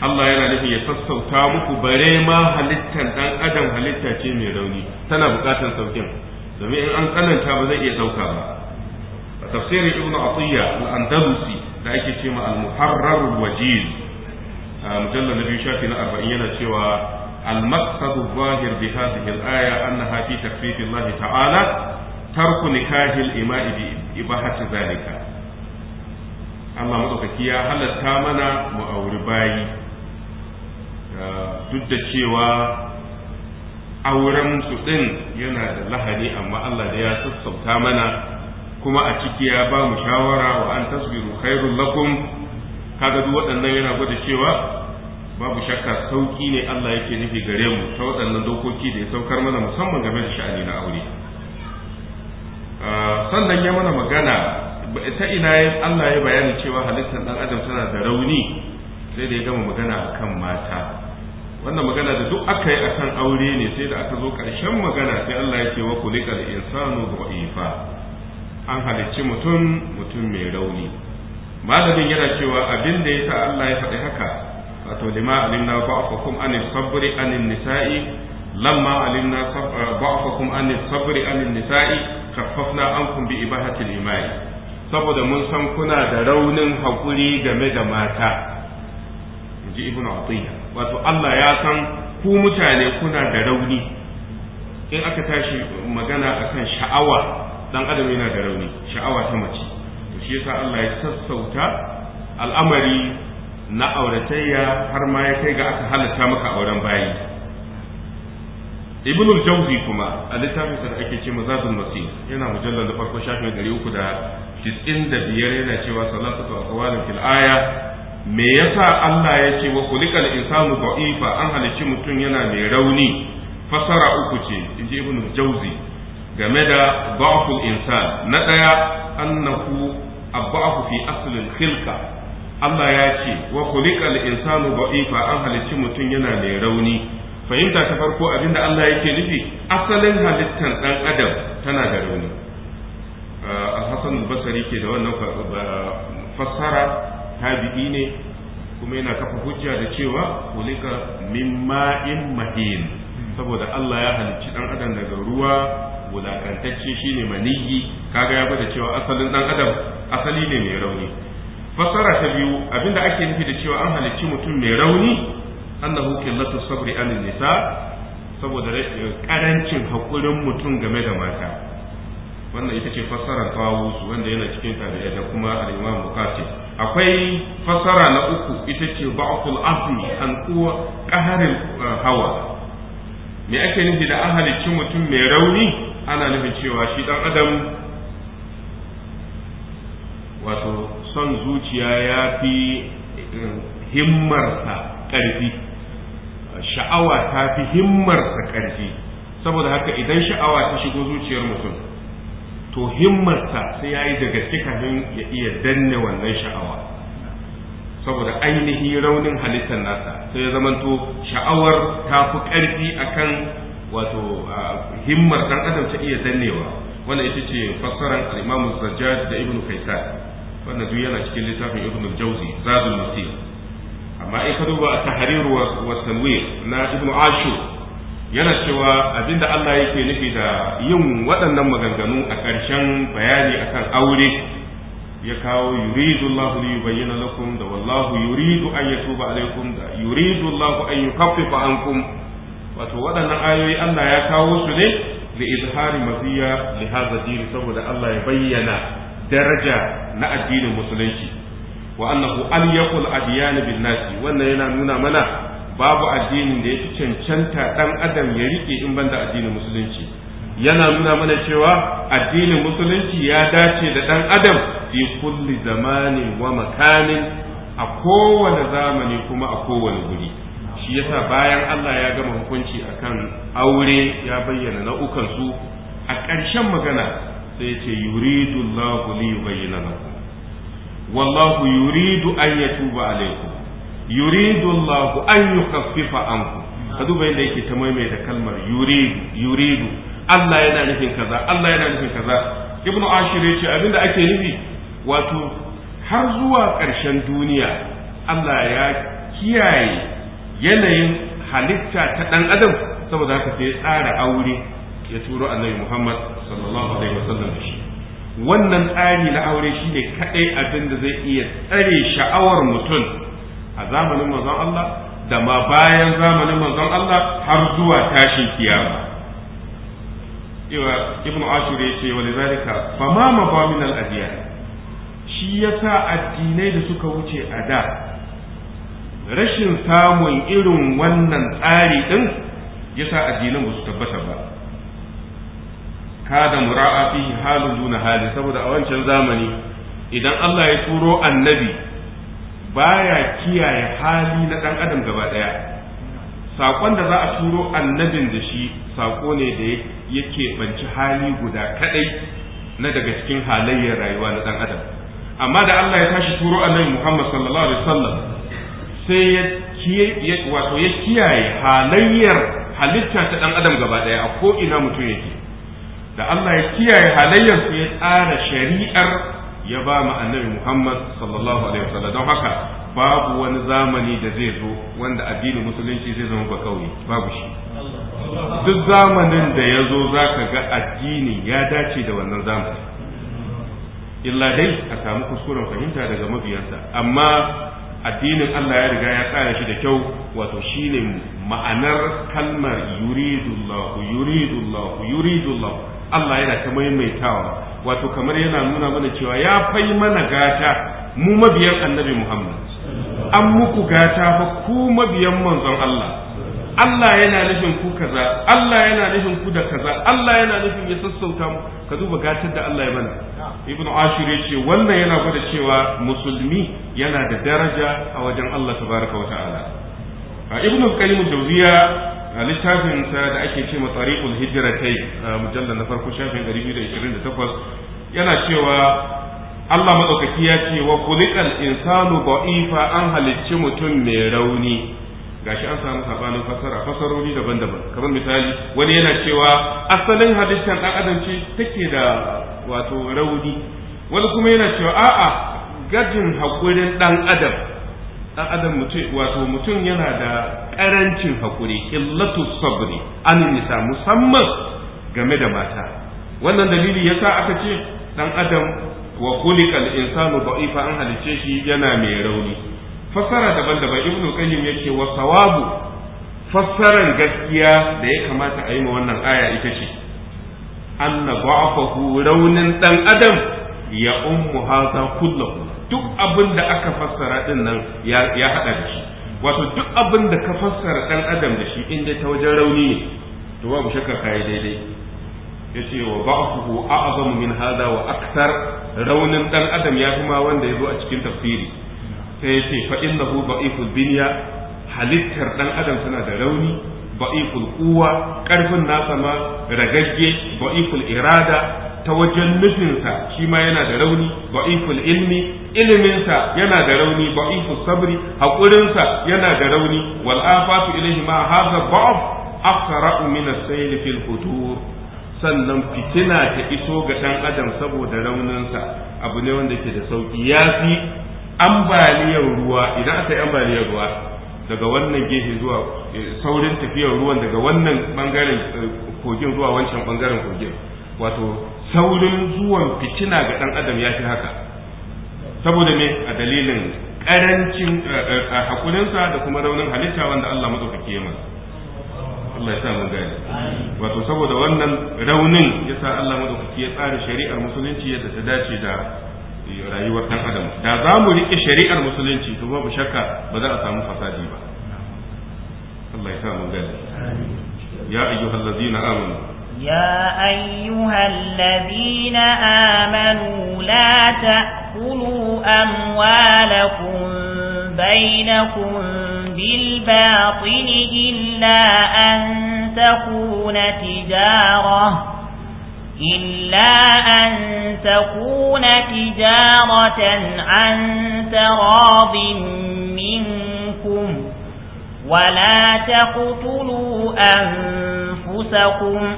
Allah yana nufin ya sassauta muku bare ma halittan dan adam halitta ce mai rauni tana bukatar saukin domin in an tsananta ba zai iya sauka ba a tafsirin ibnu atiyya al-andalusi da ake cewa al-muharrar wajiz mujallal na biyu shafi na 40 yana cewa المقصد الظاهر بهذه الآية أنها في تكفيف الله تعالى ترك نكاح الإماء بإبناء ibahati zalika Allah madaukaki ya halatta mana mu auri bayi duk da cewa auren su din yana da lahani amma Allah da ya sassauta mana kuma a ciki ya ba mu shawara wa an tasbiru khairul lakum kaga duk waɗannan yana gwada cewa babu shakka sauki ne Allah yake nufi gare mu ta waɗannan dokoki da ya saukar mana musamman game da sha'ani na aure sannan ya mana magana ta ina Allah ya bayani cewa halittar dan adam tana da rauni sai da ya gama magana akan mata wannan magana da duk aka yi akan aure ne sai da aka zo karshen magana sai Allah ya ce wa kulikal insanu dha'ifa an halicci mutum mutum mai rauni malamin yana cewa abin da yasa Allah ya faɗi haka wato lima alimna ba'fakum an sabri an nisa'i lamma alimna ba'fakum an sabri an nisa'i kafafna ankum bi ibahatil imani saboda mun san kuna da raunin hakuri game da mata inji ibnu atiya wato Allah ya san ku mutane kuna da rauni in aka tashi magana akan sha'awa dan adam yana da rauni sha'awa ta mace to shi yasa Allah ya sassauta al'amari na auratayya har ma ya kai ga aka halatta maka auren bayi ibn al-jawzi kuma a littafin da ake cewa zadul masi yana mujallal da farko shafin 395 yana cewa salatu aqwalin fil aya me yasa Allah ya ce wa kulikal insanu da'ifa an halicci mutum yana mai rauni fasara uku ce inji ibn al-jawzi game da da'ful insan na daya annahu abafu fi asl al-khilqa Allah ya ce wa kulikal insanu da'ifa an halicci mutum yana mai rauni fahimta ta farko abinda Allah yake nufi asalin halittar dan adam tana da rauni al basari ke da wannan fassara tabi'i ne kuma yana kafa hujja da cewa kulika min ma'in mahin saboda Allah ya halicci dan adam daga ruwa wulakantacce shine maniyi kaga ya bada cewa asalin dan adam asali ne mai rauni fassara ta biyu abinda ake nufi da cewa an halicci mutum mai rauni annahu qillatu sabri anin nisa saboda eh, karancin hakurin mutum game da mata wannan ita ce fassarar su wanda yana cikin tabi'a da kuma al-imam bukhari akwai fassara na uku ita ce ba'ful asmi an kuwa qaharil eh, hawa me ake nufi da ahalicin mutum mai rauni ana nufin cewa shi dan adam wato son zuciya ya fi eh, himmarsa ƙarfi sha'awa ta fi himmarsa ƙarfi saboda haka idan sha'awa ta shigo zuciyar mutum to himmarsa sai ya yi da gaske kafin ya iya danne wannan sha'awa saboda ainihi raunin halittar nasa sai ya zamanto sha'awar ta fi ƙarfi akan wato himmar dan adam ta iya dannewa wanda ita ce fassarar al-Imam da Ibn Kaysar. wannan duk yana cikin littafin Ibn Jauzi Zadul Masir amma in ka duba tahrir wa tanwir na ibnu ashur yana cewa abinda Allah yake nufi da yin waɗannan maganganu a ƙarshen bayani akan aure ya kawo yuridu Allah li yubayyana lakum da wallahu yuridu an yatuba alaikum da yuridu Allah an yukaffifa ankum wato waɗannan ayoyi Allah ya kawo su ne li izhari mafiya li hadha saboda Allah ya bayyana daraja na addinin musulunci wa annahu alyaqul adyan bin nasi wannan yana nuna mana babu addinin da yake cancanta dan adam ya rike in banda addinin musulunci yana nuna mana cewa addinin musulunci ya dace da dan adam fi kulli zamanin wa makanin a kowane zamani kuma a kowane guri shi yasa bayan Allah ya gama hukunci akan aure ya bayyana nau'ukan su a ƙarshen magana sai ce yuridullahu li yubayyana lakum wallahu yuridu an yatuba alaikum yuridu Allah an yukaffifa ankum ka duba yadda yake ta maimaita kalmar yuridu yuridu Allah yana nufin kaza Allah yana nufin kaza Ibn ashir ce abinda ake nufi wato har zuwa ƙarshen duniya Allah ya kiyaye yanayin halitta ta ɗan adam saboda haka sai ya tsara aure ya turo annabi Muhammad sallallahu alaihi wasallam shi wannan tsari na aure shine kaɗai abin da zai iya tsare sha'awar mutum a zamanin manzon Allah da ma bayan zamanin manzon Allah har zuwa tashin kiyama iwa ibn ashur ya ce walidhalika fama mabamin al-adiyan shi yasa addinai da suka wuce a da rashin samun irin wannan tsari ya yasa addinan ba su tabbata ba kada mura'a fi halu duna hali saboda a wancan zamani idan Allah ya turo annabi baya kiyaye hali na dan adam gaba daya sakon da za a turo annabin da shi sako ne da yake banci hali guda kadai na daga cikin halayyar rayuwa na dan adam amma da Allah ya tashi turo annabi Muhammad sallallahu alaihi wasallam sai ya wato ya kiyaye halayyar halitta ta dan adam gaba daya a ko ina mutum yake da Allah ya kiyaye halayyar su ya tsara shari'ar ya ba mu annabi Muhammad sallallahu alaihi wasallam don haka babu wani zamani da zai zo wanda addinin musulunci zai zama ba kauye babu shi duk zamanin da ya zo za ka ga addini ya dace da wannan zamani illa dai a samu kuskuren fahimta daga mabiyansa amma addinin Allah ya riga ya tsara shi da kyau wato shine ma'anar kalmar yuridullahu yuridullahu yuridullahu Allah yana ta maimaitawa wato kamar yana nuna mana cewa ya fai mana gata mu mabiyan annabi Muhammad an muku gata fa ku mabiyan manzon Allah Allah yana nufin ku kaza Allah yana nufin ku da kaza Allah yana nufin ya sassauta mu ka duba gatar da Allah ya mana Ibn Ashur ya ce wannan yana gwada cewa musulmi yana da daraja a wajen Allah tabaraka wa ta'ala Ibn Qayyim Jawziya a littafin sa da ake ce ma tariqul hijratai mujallar na farko shafin 228 yana cewa Allah madaukaki ya ce wa kulikal insanu da'ifa an halicci mutum mai rauni gashi an samu sabanin fasara fasarori daban-daban kamar misali wani yana cewa asalin halittar dan adam ce take da wato rauni wani kuma yana cewa a'a gajin hakurin ɗan adam dan adam mutum wato mutum yana da karancin hakuri illatu sabri an nisa musamman game da mata wannan dalili yasa aka ce dan adam wa khuliqal insanu da'ifa an halice shi yana mai rauni fassara daban-daban ibnu qayyim yake wa sawabu fassaran gaskiya da ya kamata a yi ma wannan aya ita ce anna ba'afahu raunin dan adam ya ummu hadha kullahu duk abin da aka fassara din nan ya haɗa da shi wato duk abin da ka fassara ɗan adam da shi inda ta wajen rauni ne to babu shakka kayi daidai ya ce wa ba'fuhu a'zamu min hada wa aktar raunin ɗan adam ya fi ma wanda ya zo a cikin tafsiri sai ya ce fa innahu da'iful binya halittar ɗan adam tana da rauni ba'iful quwwa ƙarfin nasa ma ragagge ba'iful irada ta wajen nufinsa shi ma yana da rauni ba'iful ilmi iliminsa yana da rauni ba, ba'ifu sabri haƙurinsa yana da rauni wal afatu ilayhi ma hadha ba'd aqra min as-sayl al-hudur sannan fitina ta iso ga dan adam saboda rauninsa abu ne wanda ke da sauki ya fi ambaliyar ruwa idan aka yi ambaliyar ruwa daga wannan gefe zuwa eh, saurin tafiyar ruwan daga wannan bangaren eh, kogin zuwa wancan bangaren kogin wato saurin zuwan fitina ga dan adam yafi haka saboda me a dalilin karancin eh, eh, hakurinsa da kuma raunin halitta wanda Allah madaukaki ya masa Allah ya sa mu gane wato saboda wannan raunin ya sa Allah madaukaki ya tsara shari'ar musulunci yadda ta dace da rayuwar dan adam da za mu rike shari'ar musulunci to babu shakka ba za a samu fasadi ba Allah ya sa mu gane ya ayyuhallazina amanu يا أيها الذين آمنوا لا تأكلوا أموالكم بينكم بالباطل إلا أن تكون تجارة إلا أن تكون تجارة عن تراض منكم ولا تقتلوا أنفسكم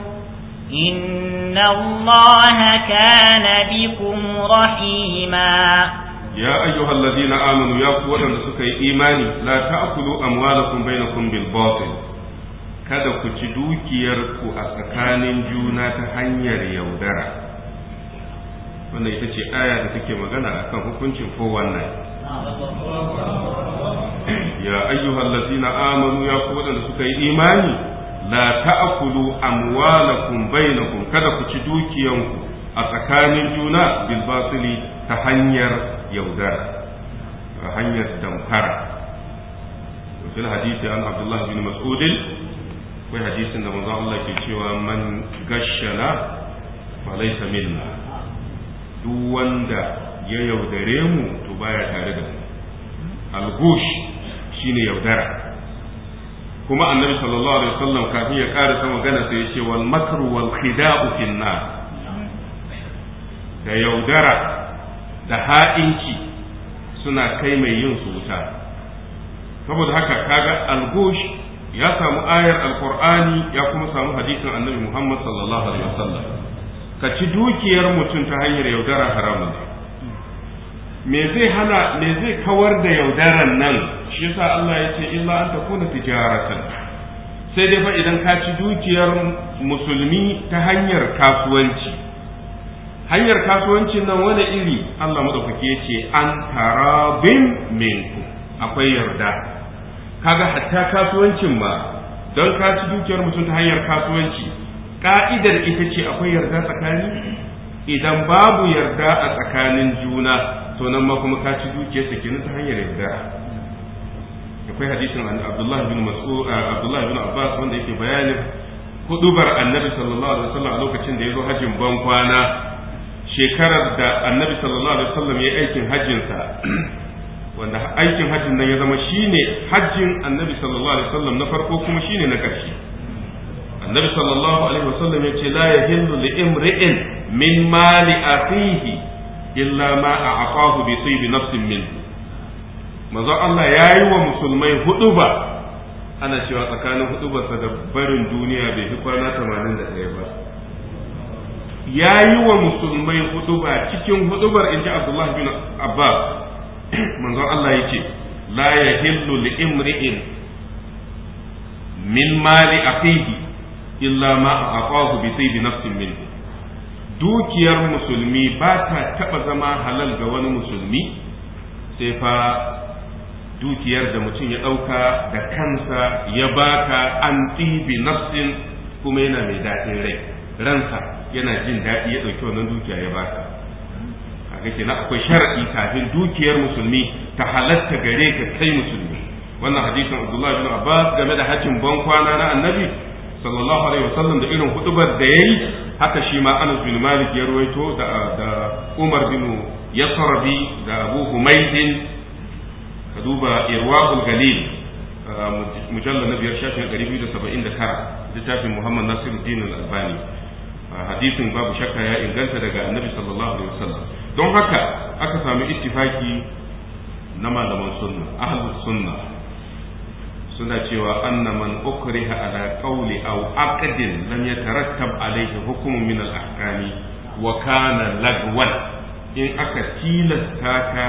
إن الله كان بكم رحيما يا أيها الذين آمنوا يا قوة سكي إيماني لا تأكلوا أموالكم بينكم بالباطل kada ku ci dukiyarku a tsakanin juna ta hanyar yaudara wannan ita ce aya da take magana a kan hukuncin ko nan ya ayyuhallazina amanu ya ku wadanda suka yi imani la ta'kulu amwalakum bainakum kada ku ci dukiyanku a tsakanin juna bil ta hanyar yaudara ta hanyar damfara fil hadisi an abdullah bin mas'ud kai hadisin da manzo Allah ke cewa man gashana fa laysa minna duk wanda ya yaudare mu to baya tare da mu al-gush shine yaudara kuma annabi sallallahu alaihi wasallam kafin ya karasa magana sai ya ce wal makru wal khida'u fil nar da yaudara da ha'inci suna kai mai yin su wuta saboda haka kaga algush ya samu ayar alqur'ani ya kuma samu hadisin annabi muhammad sallallahu alaihi wasallam ka ci dukiyar mutum ta hanyar yaudara haramun me zai hana me zai kawar da yaudaran nan shi yasa Allah ya ce illa an kuna tijaratan sai dai fa idan ka ci dukiyar musulmi ta hanyar kasuwanci hanyar kasuwancin nan wani iri Allah madaukaki ya ce an tarabin minku akwai yarda kaga hatta kasuwancin ma don ka ci dukiyar mutum ta hanyar kasuwanci ka'idar ita ce akwai yarda tsakani idan babu yarda a tsakanin juna to nan ma kuma ka ci dukiyar ta hanyar yarda akwai hadisin Abdullah bin Mas'ud ah, Abdullah bin Abbas wanda yake bayanin hudubar Annabi sallallahu alaihi wasallam a lokacin da ya zo hajjin ban kwana shekarar da Annabi sallallahu alaihi wasallam ya aikin hajjin sa wanda aikin hajjin nan ya zama shine hajjin Annabi sallallahu alaihi wasallam na farko kuma shine na ƙarshe Annabi sallallahu alaihi wasallam ya ce la yahillu li imri'in min mali akhihi illa ma a'tahu bi sayyid nafsin minhu manzon Allah ya yi wa musulmai hudu ba ana cewa tsakanin hudu ba da barin duniya bai fi kwana tamanin da ɗaya ba ya yi wa musulmai hudu ba cikin hudubar in ji Abdullah bin Abbas manzon Allah ya ce la ya hillu li imri'in min mali akhihi illa ma aqahu bi bi nafsin min dukiyar musulmi ba ta taba zama halal ga wani musulmi sai fa dukiyar da mutum ya ɗauka da kansa ya baka an ɗibi nafsin kuma yana mai daɗin rai ransa yana jin daɗi ya ɗauki wannan dukiya ya baka kaga kenan akwai sharaɗi kafin dukiyar musulmi ta halatta gare ka kai musulmi wannan hadisin Abdullah bin Abbas game da hajjin ban kwana na Annabi sallallahu alaihi wasallam da irin hudubar da yayi haka shi ma Anas bin Malik ya ruwaito da Umar bin Yasrabi da Abu Humaydin ka duba irwaqul galil mujallal na biyar shafin ɗari biyu da saba'in da tara littafin muhammad nasiruddin al-albani hadisin babu shakka ya inganta daga annabi sallallahu alaihi wasallam don haka aka samu ittifaki na malaman sunna ahlus sunna suna cewa anna man ukriha ala qawli aw aqdin lam yatarattab alayhi hukmun min al ahkami wa kana lagwan in aka tilasta ka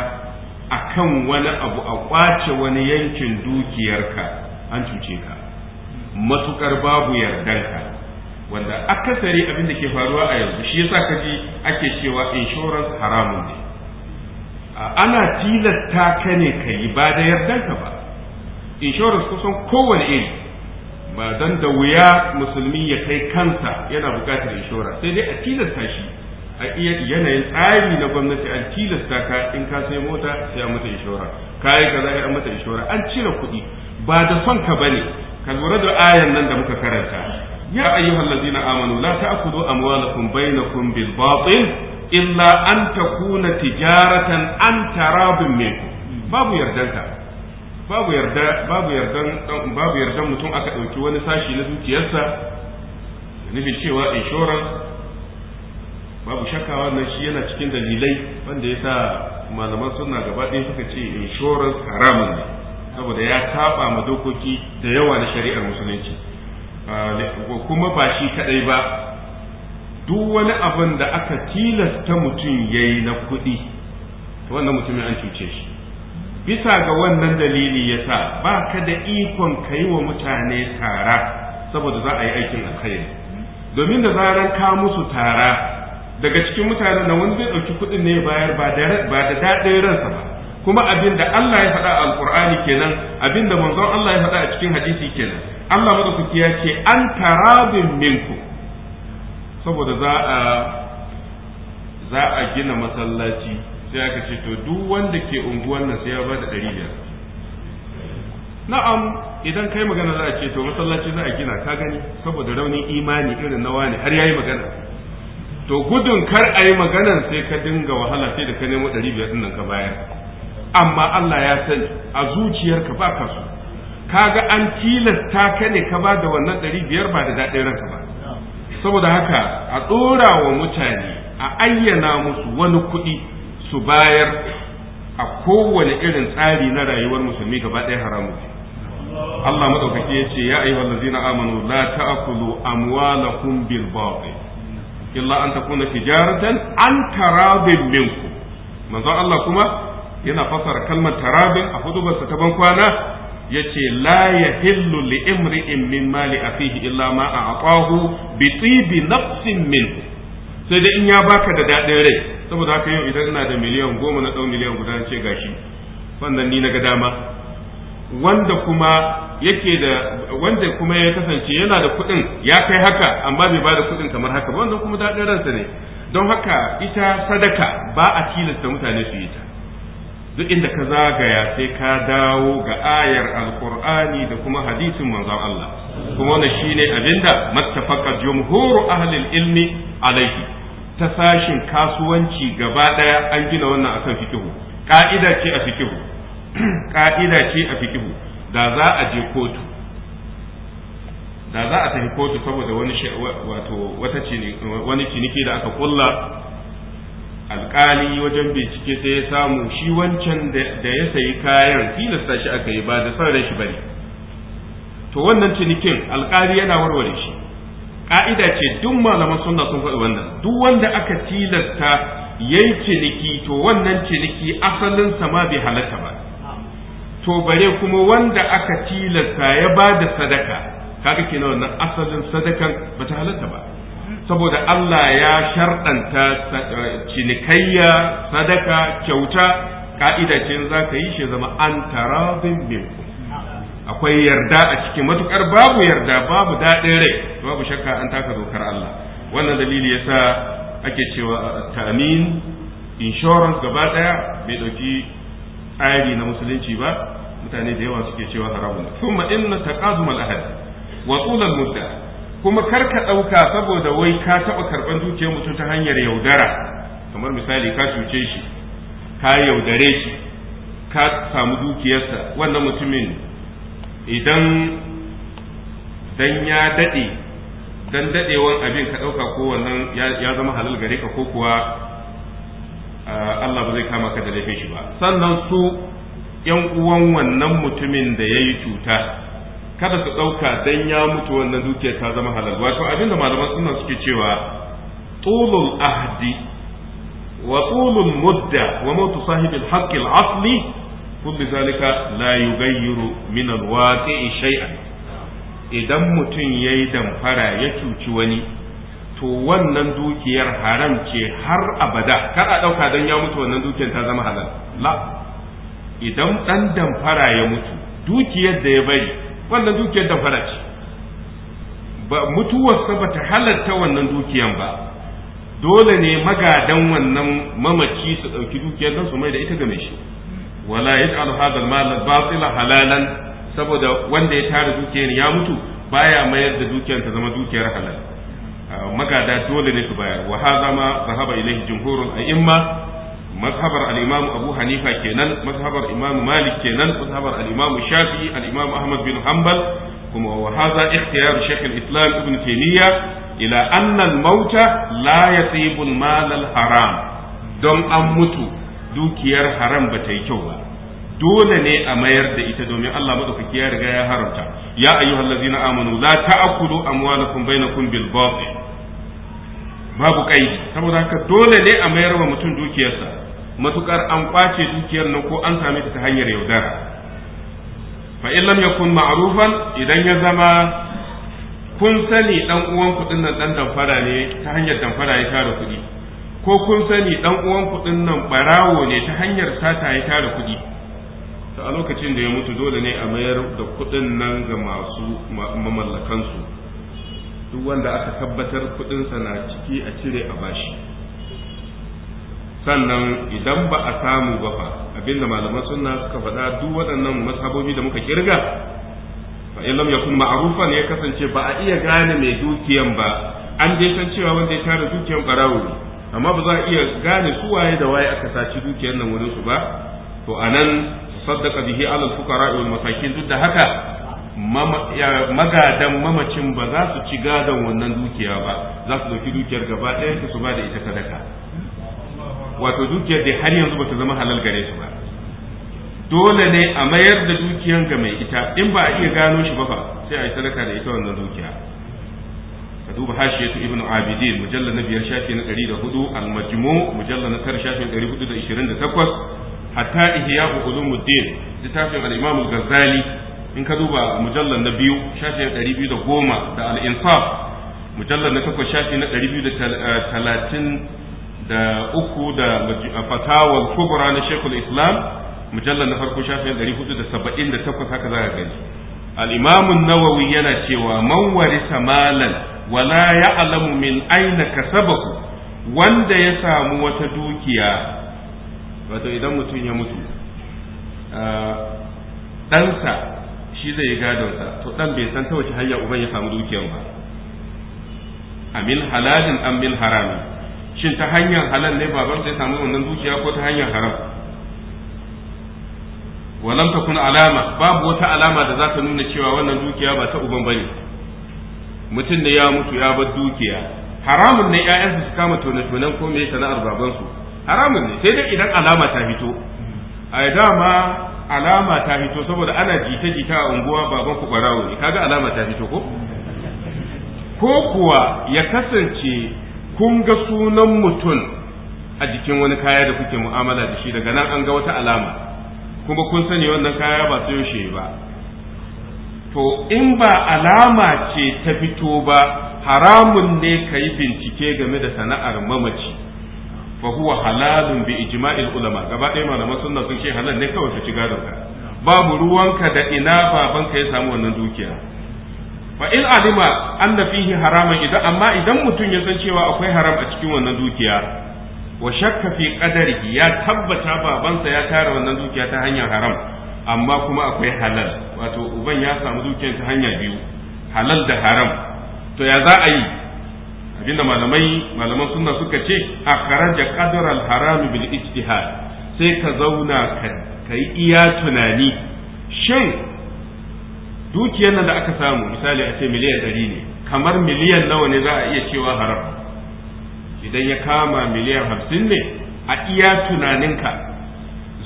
akan wani abu a kwace wani yankin dukiyarka an cuce ka matukar babu yardanka wanda akasari abin da ke faruwa a yanzu shi yasa ka ji ake cewa insurance haramun ne ana tilasta ka ne ka yi ba da yardanka ba insurance kusan kowane iri ba don da wuya musulmi ya kai kansa yana bukatar insurance sai dai a tilasta shi a iya yanayin tsari na gwamnati an tilasta ka in ka sai mota sai an mata inshora yi kaza sai an mata inshora an cire kuɗi ba da son ka bane ka lura da ayan nan da muka karanta ya ayyuhal ladina amanu la ta'khudhu amwalakum bainakum bil batil illa an takuna tijaratan an tarabun minkum babu yardanka babu yarda babu yardan babu yardan mutum aka dauki wani sashi na dukiyarsa nufin cewa insurance babu shakka wannan shi yana cikin dalilai wanda ya sa malaman suna gaba ɗaya suka ce insurance haramun ne saboda ya saba ma dokoki da yawa na shari'ar musulunci kuma ba shi kadai ba duk wani abin da aka tilasta mutum ya yi na kuɗi wannan mutumin an cuce shi bisa ga wannan dalili ya sa ba ka da ikon ka yi wa mutane tara saboda za a yi aikin alkhairi domin da zaran ka musu tara daga cikin mutanen na wani zai ɗauki kuɗin ne bayar ba da daɗin ransa ba kuma abin da Allah ya faɗa a alƙur'ani kenan abin da manzon Allah ya faɗa a cikin hadisi kenan Allah madaukaki ya ce an tarabin minku saboda za a za a gina masallaci sai aka ce to duk wanda ke unguwan nan sai ya ba da ɗari biyar na'am idan kai magana za a ce to masallaci za a gina ka gani saboda raunin imani irin na wani har yayi magana to gudun kar a yi maganan sai ka dinga wahala sai da ka nemo ɗari biyar ɗin ka bayar amma Allah ya sani a zuciyarka ba ka so kaga an tilasta ka ne ka ba da wannan ɗari biyar ba da daɗin ranka ba saboda haka a ɗora wa mutane a ayyana musu wani kuɗi su bayar a kowane irin tsari na rayuwar musulmi gaba ɗaya haramu Allah maɗaukaki ya ce ya ayyuhallazina amanu la ta'kulu amwalakum bil batil illa an takuna tijaratan an tarabin minku manzon Allah kuma yana fasara kalmar tarabin a hudubarsa ta ban kwana yace la yahillu li imri'in min mali afihi illa ma a'tahu bi tibi nafsin min sai dai in ya baka da dadin rai saboda haka yau idan ina da miliyan goma na dau miliyan guda ce gashi wannan ni na ga dama wanda kuma yake da wanda kuma ya kasance yana da kuɗin ya kai haka amma bai ba da kuɗin kamar haka ba wannan kuma daɗin ransa ne don haka ita sadaka ba a tilasta mutane su yi ta duk inda ka zagaya sai ka dawo ga ayar alkur'ani da kuma hadisin manzon Allah kuma wannan shine abinda mattafaqa jumhuru ahli ilmi alaihi ta sashin kasuwanci gaba daya an gina wannan akan fikihu ka'ida ce a fikihu ka'ida ce a fikihu da za a je kotu da za a tafi kotu saboda wani wato wata wani ciniki da aka kulla alkali wajen bincike sai ya samu shi wancan da ya sayi kayan tilasta shi aka yi ba da son shi bane to wannan cinikin alkali yana warware shi ka'ida ce duk malaman sunna sun faɗi wannan duk wanda aka tilasta yayi ciniki to wannan ciniki asalin ma bai halatta ba to bare kuma wanda aka tilasta ya ba da sadaka kaga kenan wannan asalin sadakan ba ta halatta ba saboda Allah ya sharɗanta eh, cinikayya sadaka kyauta ka'ida ce za ka yi shi zama an tarazin minku akwai yarda a cikin matukar babu yarda babu daɗin rai babu shakka an taka dokar Allah wannan dalili yasa ake cewa eh, ta'amin insurance gaba ɗaya bai ɗauki tsari na musulunci ba mutane da yawa suke cewa haramun kuma inna taqadum al-ahad wa tul al-mudda kuma kar ka dauka saboda wai ka taba karban dukiyar mutum ta hanyar yaudara kamar misali ka cuce shi ka yaudare shi ka samu dukiyarsa wannan mutumin idan dan ya dade dan dadewan abin ka dauka ko wannan ya zama halal gare ka ko kuwa ah, Allah ba zai kama ka da laifin shi ba sannan su ‘yan uwan wannan mutumin da ya yi cuta kada su ɗauka dan ya mutu wannan dukiyar ta zama halal wato abinda malaman suna suke cewa tulul ahdi wa tulul mudda wa mutu sahibil haqqil asli kullu zalika la yughayyiru min alwaqi'i shay'an idan mutum yayi damfara ya cuci wani to wannan dukiyar haram ce har abada kada ɗauka dan ya mutu wannan dukiyar ta zama halal la idan ɗan damfara ya mutu dukiyar da ya bari wannan dukiyar damfara ce ba mutuwarsa ba ta halarta wannan dukiyar ba dole ne magadan wannan mamaci su ɗauki dukiyar nan su mai da ita game shi wala ya hadha al-mal batila halalan saboda wanda ya tara dukiyar ya mutu baya mayar da dukiyar ta zama dukiyar halal ah, magada dole ne su bayar wa hadha ma zahaba ilayhi jumhurul a'imma mazhabar al-imam abu hanifa kenan mazhabar imam malik kenan mazhabar al-imam shafi'i al'imam ahmad bin Hambal, kuma wa hadha ikhtiyar shaykh al-islam ibn taymiya ila anna mauta la yasibu al-mal haram don an mutu dukiyar haram ba ta yi kyau ba dole ne a mayar da ita domin Allah madaukaki ya riga ya haramta ya ayyuhallazina amanu la ta'kulu amwalakum bainakum bil batil babu kai saboda haka dole ne a mayar wa mutum dukiyarsa matukar an kwace dukiyar nan ko an same ta ta hanyar yaudara fa in lam yakun ma'rufan idan ya zama kun sani dan uwan kuɗin nan dan damfara ne ta hanyar damfara ya tara kudi ko kun sani dan uwan kuɗin nan barawo ne ta hanyar sata ya tara kudi to a lokacin da ya mutu dole ne a mayar da kudin nan ga masu mamallakansu duk wanda aka tabbatar kuɗinsa na ciki a cire a bashi sannan idan ba a samu ba fa abinda malaman sunna suka faɗa duk waɗannan mazhabobi da muka kirga fa in lam yakun ma'rufan ya kasance ba a iya gane mai dukiyan ba an dai san cewa wanda ya tara dukiyan barawo amma ba za a iya gane su waye da waye aka saci dukiyan nan wurin su ba to anan saddaqa bihi ala al-fuqara wal masakin duk da haka magadan mamacin ba za su ci gadon wannan dukiya ba za su dauki dukiyar gaba ɗaya su ba da ita sadaka wato dukiyar da har yanzu bata zama halal gare su ba dole ne a mayar da dukiyar ga mai ita in ba a iya gano shi ba fa sai a yi sadaka da ita wannan dukiya ka duba hashiyatu ibnu abidin mujallal na biyar shafi na 104 al-majmu mujallal na tar shafi 428 hatta ihya'u ulumuddin littafin al-imam al-ghazali in ka duba mujallal na biyu shafi na 210 da al-insaf mujallal na takwas shafi na eh, talatin. da uku da fatawar kubra na shekul islam mujallar na farko shafin hudu da da saba'in takwas haka za ka gani al'imamun nawawi yana cewa man warisa malan wala alamu min aina kasabahu wanda ya samu wata dukiya wato idan mutum ya mutu ɗansa shi zai gadonsa to ɗan bai san ta wace hanya uban ya samu dukiyar ba amin halalin amin haramin shin ta hanyar halal ne baban sai samu wannan dukiya ko ta hanyar haram walam takun alama babu wata alama da za ta nuna cewa wannan dukiya ba ta uban bane mutum da ya mutu ya bar dukiya haramun ne ƴaƴansu su kama tona tonan ko me sana'ar babansu haramun ne sai dai idan alama ta fito a dama alama ta fito saboda ana jita-jita a unguwa baban ku barawo ne kaga alama ta fito ko ko kuwa ya kasance kun ga sunan mutum a jikin wani kaya da kuke mu'amala da shi daga nan an ga wata alama kuma kun sani wannan kaya ba su yaushe ba to in ba alama ce ta fito ba haramun ne ka yi bincike game da sana'ar mamaci fa huwa halalun bi ijma'il ulama gaba ɗaya malaman sunna sun ce halal ne kawai su ci gadonka babu ruwanka da ina babanka ya samu wannan dukiya fa in alima anna fihi haraman idan amma idan mutum ya san cewa akwai haram a cikin wannan dukiya wa shakka fi qadarihi ya tabbata babansa ya tara wannan dukiya ta hanyar haram amma kuma akwai halal wato uban ya samu dukiyar ta hanyar biyu halal da haram to ya za a yi abinda malamai malaman sunna suka ce akhraja qadar al haram bil ijtihad sai ka zauna ka yi iya tunani shin dukiyar nan da aka samu misali a ce miliyan ɗari ne kamar miliyan nawa ne za a iya cewa haram idan ya kama miliyan hamsin ne a iya tunaninka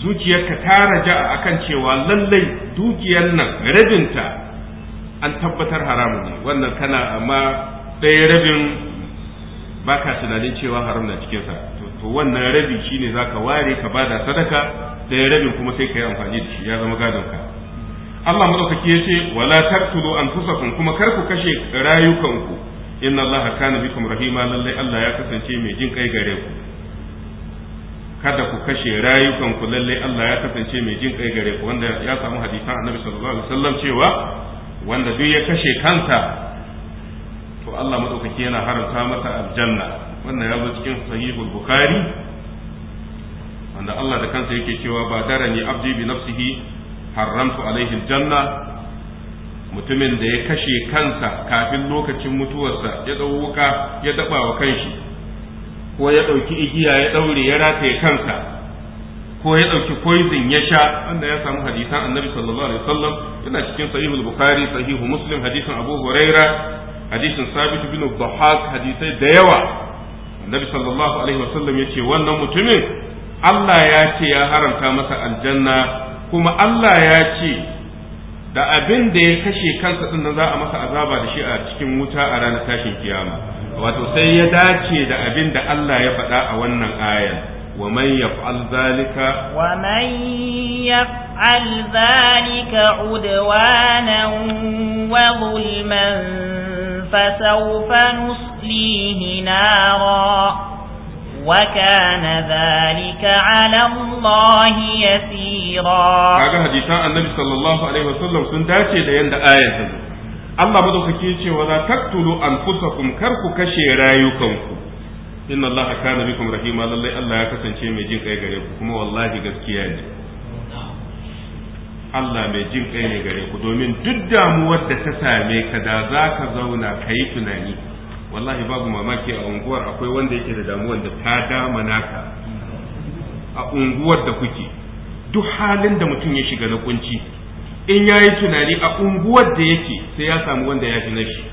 zuciyarka ta raja a akan cewa lallai dukiyar nan rabinta an tabbatar haramu ne wannan kana amma ɗaya rabin ba ka tunanin cewa haram na cikinsa to wannan rabi shine za ka ware ka bada sadaka ɗaya rabin kuma sai ka yi amfani da shi ya zama gadonka Allah madaukaki ya ce wala taqtulu anfusakum kuma kar ku kashe rayukanku inna Allah kana bikum rahima lallai Allah ya kasance mai jin kai gare ku kada ku kashe rayukanku lallai Allah ya kasance mai jin kai gare ku wanda ya samu hadisan Annabi sallallahu alaihi wasallam cewa wanda duk ya kashe kansa to Allah madaukaki yana haramta masa aljanna wannan ya zo cikin sahihul bukhari wanda Allah da kansa yake cewa ba darani abdi bi nafsihi haramtu alaihi janna mutumin da ya kashe kansa kafin lokacin mutuwarsa ya dau wuka ya daba wa kanshi ko ya dauki igiya ya daure ya rataye kansa ko ya dauki poison ya sha wanda ya samu hadisan annabi sallallahu alaihi wasallam yana cikin sahihul bukhari sahihu muslim hadisin abu huraira hadisin sabit bin dhahak hadisai da yawa annabi sallallahu alaihi wasallam yace wannan mutumin Allah ya ce ya haramta masa aljanna kuma Allah ya ce da abin da ya kashe kansa din nan za a masa azaba da shi a cikin wuta a ranar tashin kiyama wato sai ya dace da abin da Allah ya faɗa a wannan ayan ومن يفعل ذلك ومن يفعل ذلك عدوانا وظلما فسوف نصليه نارا وكان ذلك على الله يسيرا kaga hadisan annabi sallallahu alaihi wasallam sun dace da yanda ayar ta Allah madaukake ya ce wa za taqtulu anfusakum kar ku kashe rayukanku inna Allah kana bikum rahima lallai Allah ya kasance mai jin gare ku kuma wallahi gaskiya ne Allah mai jin kai ne gare ku domin duk damuwar da ta same ka da za ka zauna ka yi tunani wallahi babu mamaki a unguwar akwai wanda yake da damuwar da ta dama naka a unguwar da kuke duk halin da mutum ya shiga na kunci in ya yi tunani a unguwar da yake sai ya samu wanda ya fi na shi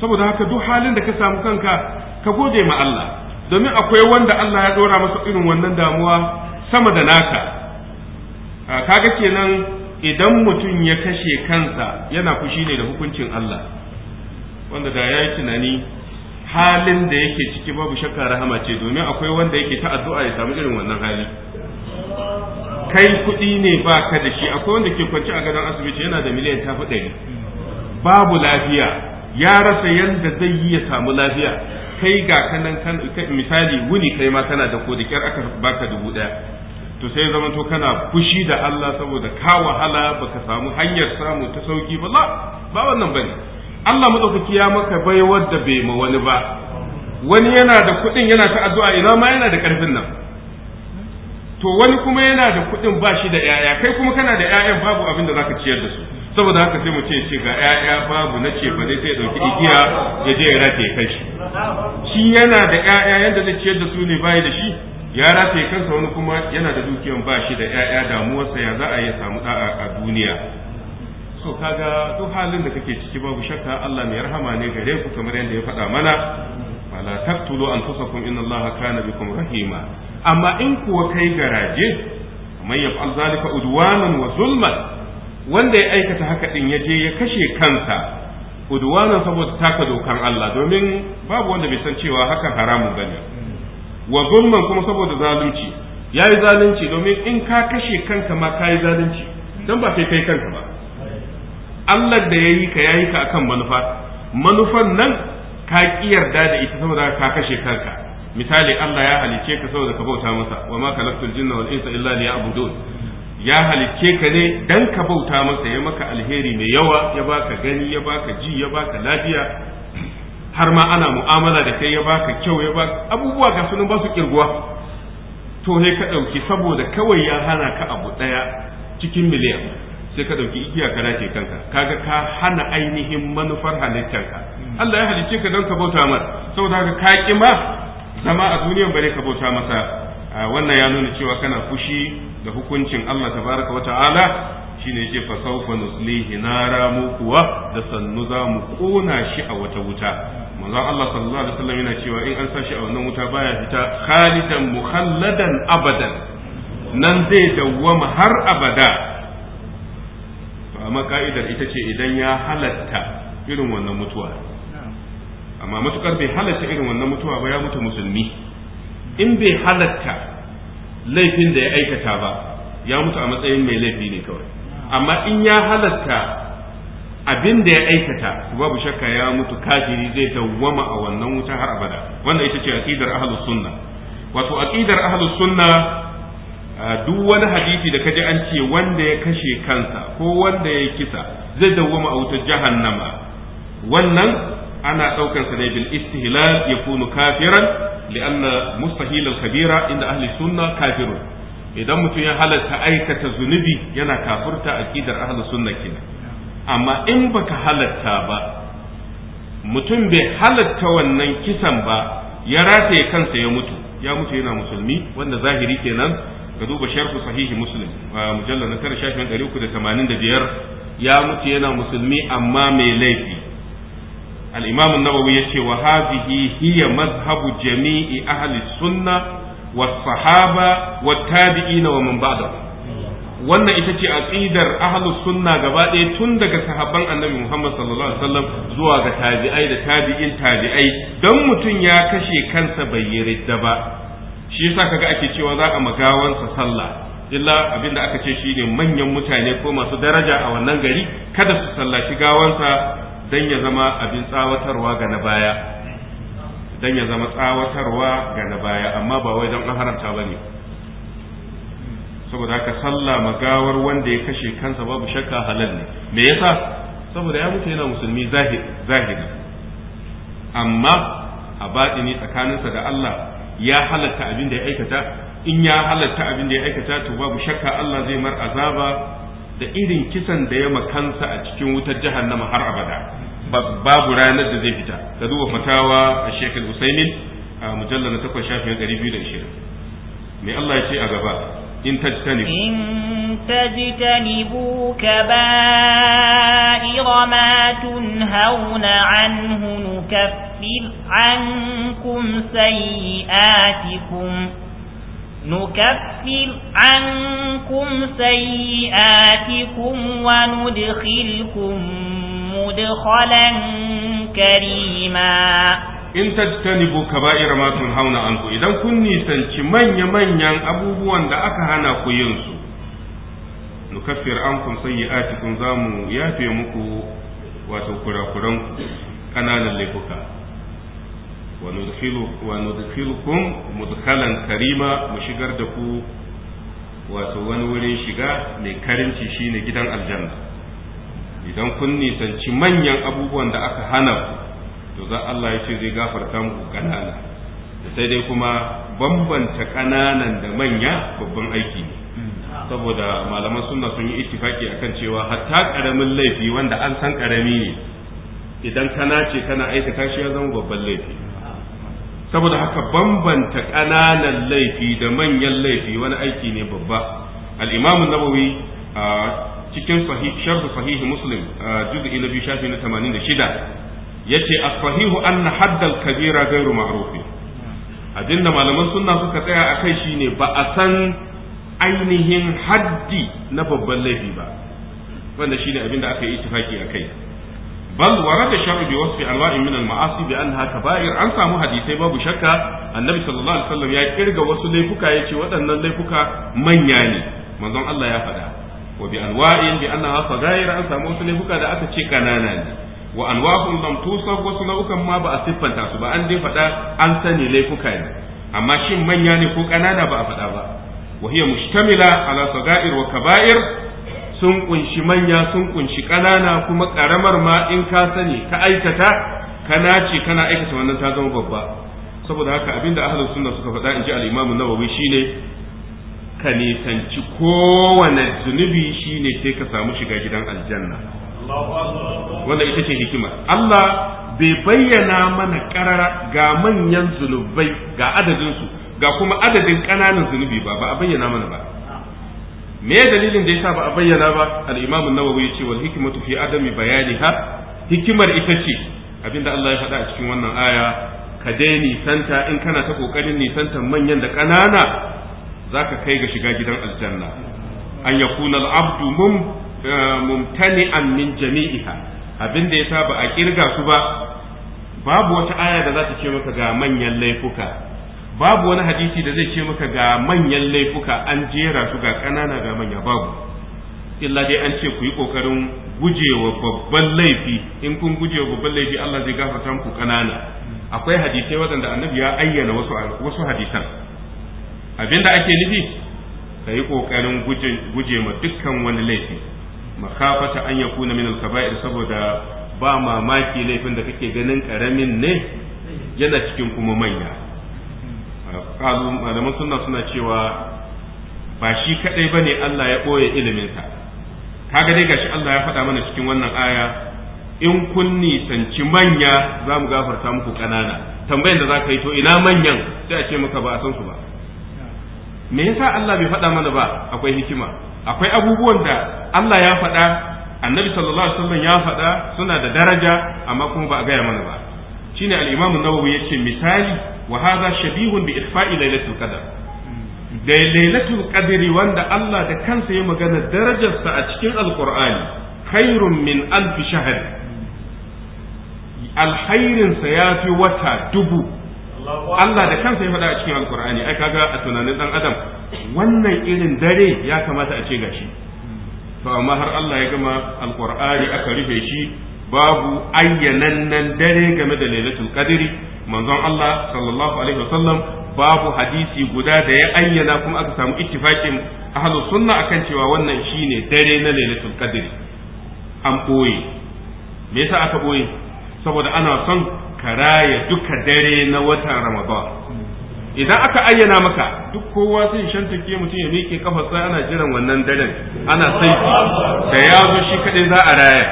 saboda haka duk halin da ka samu kanka ka gode ma Allah domin akwai wanda Allah ya dora masa irin wannan damuwa sama da naka kaga kenan idan mutum ya kashe kansa yana fushi ne da hukuncin Allah wanda da ya yi tunani halin da yake ciki babu shakka rahama ce domin akwai wanda yake ta addu'a ya samu irin wannan hali kai kuɗi ne ba ka da shi akwai wanda ke kwanci a gadon asibiti yana da miliyan tafi ɗari babu lafiya ya rasa yadda zai yi ya samu lafiya kai ga kanan kan misali wuni kai ma kana da ko da kyar aka baka dubu ɗaya to sai zama to kana fushi da Allah saboda ka wahala baka samu hanyar samu ta sauki ba ba wannan bane Allah madaukaki ya maka baiwar da bai ma wani ba wani yana da kuɗin yana ta addu'a ina ma yana da ƙarfin nan to wani kuma yana da kuɗin ba shi da ‘ya'ya kai kuma kana da ‘ya'yan babu abin da zaka ciyar da su saboda haka sai mu ce ce ga ‘ya'ya babu na ce ba dai sai ɗauki igiya ya je ya rafe kai shi shi yana da ‘ya'ya yanda zai ciyar da su ne bayi da shi ya rafe kansa wani kuma yana da dukiyar ba shi da ‘ya'ya damuwarsa ya za a yi samu ɗa'a a duniya so kaga duk halin da kake ciki babu shakka Allah mai rahama ne gare ku kamar yadda ya faɗa mana fala taqtulu anfusakum inna Allaha kana bikum rahima amma in kuwa kai garaje man yaf'al zalika udwanan wa zulman wanda ya aikata haka din ya je ya kashe kansa udwanan saboda taka dokan Allah domin babu wanda bai san cewa hakan haramun bane wa zulman kuma saboda zalunci yayi zalunci domin in ka kashe kanka ma kai zalunci dan ba kai kai kanka ba Allah da ya yi ka ya yi ka akan manufa manufan nan ka ki yarda da ita saboda ka kashe kanka misali Allah ya halice ka saboda ka bauta masa wa ma khalaqtul jinna wal insa illa liya'budun ya halicce ka ne dan ka bauta masa ya maka alheri mai yawa ya baka gani ya baka ji ya baka lafiya har ma ana mu'amala da kai ya baka kyau ya baka abubuwa ga sunan ba su kirguwa to ne ka ɗauki saboda kawai ya hana ka abu ɗaya cikin miliyan sai ka dauki igiya ka dace kanka kaga ka hana ainihin manufar halittarka Allah ya halicce ka don ka bauta masa saboda haka ka ki ma zama a duniyar bare ka bauta masa wannan ya nuna cewa kana fushi da hukuncin Allah tabaraka wa ta'ala shine yake fa sawfa nuslihi nara mu kuwa da sannu za mu kona shi a wata wuta manzon Allah sallallahu alaihi wasallam yana cewa in an sa shi a wannan wuta baya fita khalidan mukhalladan abadan nan zai dawwama har abada amma ka'idar ita ce idan ya halatta irin wannan mutuwa amma matukar bai halatta irin wannan mutuwa ba ya mutu musulmi in bai halatta laifin da ya aikata ba ya mutu a matsayin mai laifi ne kawai amma in ya halatta abin da ya aikata babu shakka ya mutu kafiri zai dawwama a wannan wuta har abada wannan ita ce aqidar ahlus sunna wato aqidar ahlus sunna Ah, duk wani hadisi da kaji an ce wanda ya kashe kansa ko wanda ya yi kisa zai dawwama a wutar jahannama wannan ana daukar sa ne bil istihlal yakunu kafiran li'anna mustahil kabira inda ahli sunna kafirun idan mutum ya halatta aikata zunubi yana kafurta aqidar ahli sunna kenan amma in baka halatta ba mutum bai halatta wannan kisan ba ya rataye kansa ya mutu ya mutu yana musulmi wanda zahiri kenan ka duba sharhu sahihi muslim mujallar na tara shafin ɗari uku da tamanin da biyar ya mutu yana musulmi amma mai laifi al-imam ya ce wa hazihi hiya mazhabu jami'i ahli sunna wa sahaba wa tabi'i na wa mambada wannan ita ce aqidar ahli sunna gaba ɗaya tun daga sahabban annabi Muhammad sallallahu alaihi wasallam zuwa ga tabi'ai da tabi'in tabi'ai dan mutum ya kashe kansa bai yarda ba shi yasa kaga ake cewa za a magawansa sallah illa abin da aka ce shi ne manyan mutane ko masu daraja a wannan gari kada su sallaci gawansa dan ya zama abin tsawatarwa ga na baya dan ya zama tsawatarwa ga na baya amma ba wai don an haramta bane saboda haka sallah magawar wanda ya kashe kansa babu shakka halal ne me yasa saboda ya mutu yana musulmi zahiri amma a ne tsakaninsa da Allah ya halatta abin da ya aikata in ya halatta abin da ya aikata to babu shakka Allah zai mar azaba da irin kisan da ya makansa a cikin wutar jahannama har abada babu ranar da zai fita ka duba fatawa a shekul usaimin a mujallar na takwas shafin 220 mai Allah ya ce a gaba إن تجتنبوا إن تجتنبوا كبائر ما تنهون عنه نكفر عنكم سيئاتكم نكفر عنكم سيئاتكم وندخلكم مدخلا كريما in tajtanibu kaba'ira ma an ku idan kun nisanci manya-manyan abubuwan da aka hana ku yin su nukaffir ankum za zamu yafe muku wato kurakuran ku kananan laifuka wa nudkhilu wa nudkhilukum mudkhalan karima mu shigar da ku wato wani wurin shiga mai karinci shine gidan aljanna idan kun nisanci manyan abubuwan da aka hana ku to za Allah ya ce zai gafarta muku ƙanana sai dai kuma bambanta ƙananan da manya babban aiki ne saboda malaman sunna sun yi ittifaki akan cewa hatta karamin laifi wanda an san karami ne idan kana ce kana aikata shi ya zama babban laifi saboda haka bambanta ƙananan laifi da manyan laifi wani aiki ne babba al-imam an cikin sahih sharh sahih muslim juz'i na biyu shafi na yace as-sahihu anna haddal kabira ghairu ma'ruf abinda malaman sunna suka tsaya akai shine ba a san ainihin haddi na babban laifi ba wanda shine abinda aka yi ittifaki kai bal warada shar'u bi wasfi anwa'in min al-ma'asi bi annaha kaba'ir an samu hadisai babu shakka annabi sallallahu alaihi wasallam ya kirga wasu laifuka yace waɗannan laifuka manya ne manzon Allah ya faɗa wa bi anwa'in bi annaha sagair an samu wasu laifuka da aka ce kanana ne wa anwahum lam tusaf wasu nau'ukan ma ba a siffanta su ba an dai faɗa an sani laifuka ne amma shin manya ne ko ƙanana ba a faɗa ba wa hiya mushtamila ala sagair wa kaba'ir sun kunshi manya sun kunshi ƙanana kuma ƙaramar ma in ka sani ka aikata kana ce kana aikata wannan ta zama babba saboda haka abinda ahlus sunna suka faɗa in ji al-imam an-nawawi shine ka nisanci kowane zunubi shine sai ka samu shiga gidan aljanna wanda ita ce hikima Allah bai bayyana mana karara ga manyan zunubai ga adadinsu ga kuma adadin ƙananan zunubi ba ba a bayyana mana ba me dalilin da yasa ba a bayyana ba al-Imam an-Nawawi yace wal hikmatu fi adami bayaniha hikimar ita ce abinda Allah ya faɗa a cikin wannan aya ka dai nisanta in kana ta kokarin nisantar manyan da ƙanana zaka kai ga shiga gidan aljanna an yakuna al-abdu mum mumtani'an min jami'iha abin da ya saba ba a kirga su ba babu wata aya da za ta ce maka ga manyan laifuka babu wani hadisi da zai ce maka ga manyan laifuka an jera su ga ƙanana ga manya babu illa dai an ce ku yi ƙoƙarin gujewa babban laifi in kun gujewa babban laifi Allah zai gafarta muku kanana akwai hadisai waɗanda annabi ya ayyana wasu wasu hadisan abinda ake nufi kayi kokarin ƙoƙarin guje ma dukkan wani laifi makafata an yakuna min al-kaba'ir saboda ba mamaki laifin da kake ganin karamin ne yana cikin kuma manya kalu malaman sunna suna cewa ba shi kadai bane Allah ya boye iliminsa kaga dai gashi Allah ya faɗa mana cikin wannan aya in kun nisanci manya za mu gafarta muku ƙanana tambayan da za ka yi to ina manyan sai a ce maka ba a san su ba me yasa Allah bai faɗa mana ba akwai hikima akwai abubuwan da Allah ya faɗa annabi sallallahu alaihi wasallam ya faɗa suna da daraja amma kuma ba a gaya mana ba shine al-Imam an-Nawawi yace misali wa hadha shabihun bi ihfa'i lailatul qadr da lailatul qadri wanda Allah da kansa ya magana darajarsa a cikin alqur'ani khairun min alf shahr alkhairin sa fi wata dubu Allah da kansa ya faɗa a cikin alkur'ani ai kaga a tunanin dan adam wannan irin dare ya kamata a ce gashi to amma har Allah ya gama alkur'ani aka rufe shi babu ayyanannen dare game da lailatul qadri manzon Allah sallallahu alaihi wasallam babu hadisi guda da ya ayyana kuma aka samu ittifaqin ahlus sunna akan cewa wannan shine dare na lailatul qadri an boye me yasa aka boye saboda ana son karaya duka dare na watan ramadan idan aka ayyana maka duk kowa sai shantake mutum ya miƙe kafarsa ana jiran wannan daren ana saiki da ya zo shi kaɗai za a raya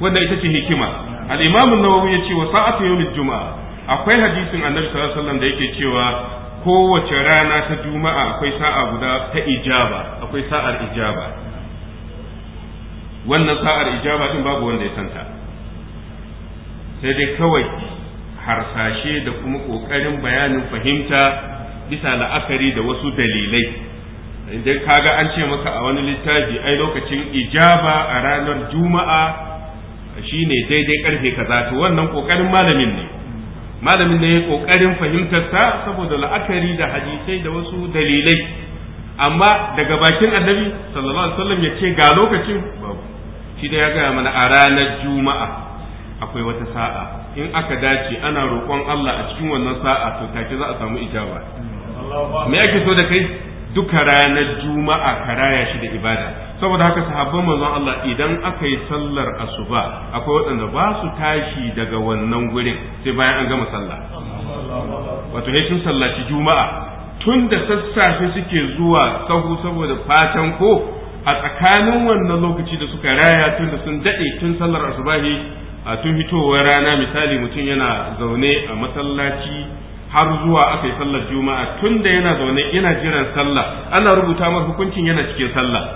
wanda ita ce hikima al-imamu nawawi ya ce wa sa'atu yawmil juma'a akwai hadisin annabi sallallahu alaihi wasallam da yake cewa kowace rana ta juma'a akwai sa'a guda ta ijaba akwai sa'ar ijaba wannan sa'ar ijaba din babu wanda ya santa sai dai kawai harsashe da kuma ƙoƙarin bayanin fahimta bisa la'akari da wasu dalilai idan kaga an ce maka a wani littafi ai lokacin ijaba a ranar juma'a Shi ne daidai karfe kaza to wannan ƙoƙarin malamin ne malamin ne ya ƙoƙarin fahimtarsa saboda la'akari da hadisai da wasu dalilai amma daga bakin annabi sallallahu alaihi wasallam ya ce ga lokacin babu shi da ya gaya mana a ranar juma'a akwai wata sa'a in aka dace ana roƙon Allah a cikin wannan sa'a to take za a samu ijaba me ake so da kai duka ranar juma'a karaya shi da ibada saboda haka sahabban manzon Allah idan aka yi sallar asuba akwai waɗanda ba su tashi daga wannan gurin sai bayan an gama sallah wato ne sun sallaci juma'a tun da sassafe suke zuwa sahu saboda fatan ko a tsakanin wannan lokaci da suka raya tun da sun daɗe tun sallar asubahi a tun fitowar rana misali mutum yana zaune a masallaci har zuwa aka yi sallar juma'a tun da yana zaune yana jiran sallah ana rubuta mar hukuncin yana cikin sallah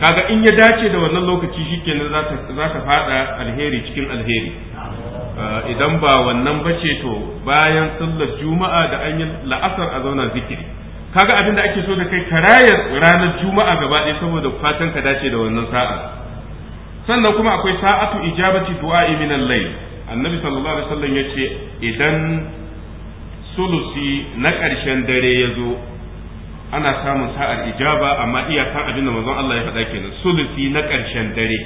kaga in ya dace da wannan lokaci shikenan za ta fada alheri cikin alheri uh, idan ba wannan ba ce to bayan sallar juma'a da an yi la'asar a zauna zikiri kaga abin da ake so da kai karayar ranar juma'a gaba ɗaya saboda fatan ka dace da wannan sa'a sannan kuma akwai sa'atu ijabati du'a'i min al-layl annabi sallallahu alaihi wasallam yace idan sulusi na ƙarshen dare ya zo ana samun sa'ar ijaba amma iyakan abinda manzon Allah ya faɗa kenan sulusi na ƙarshen dare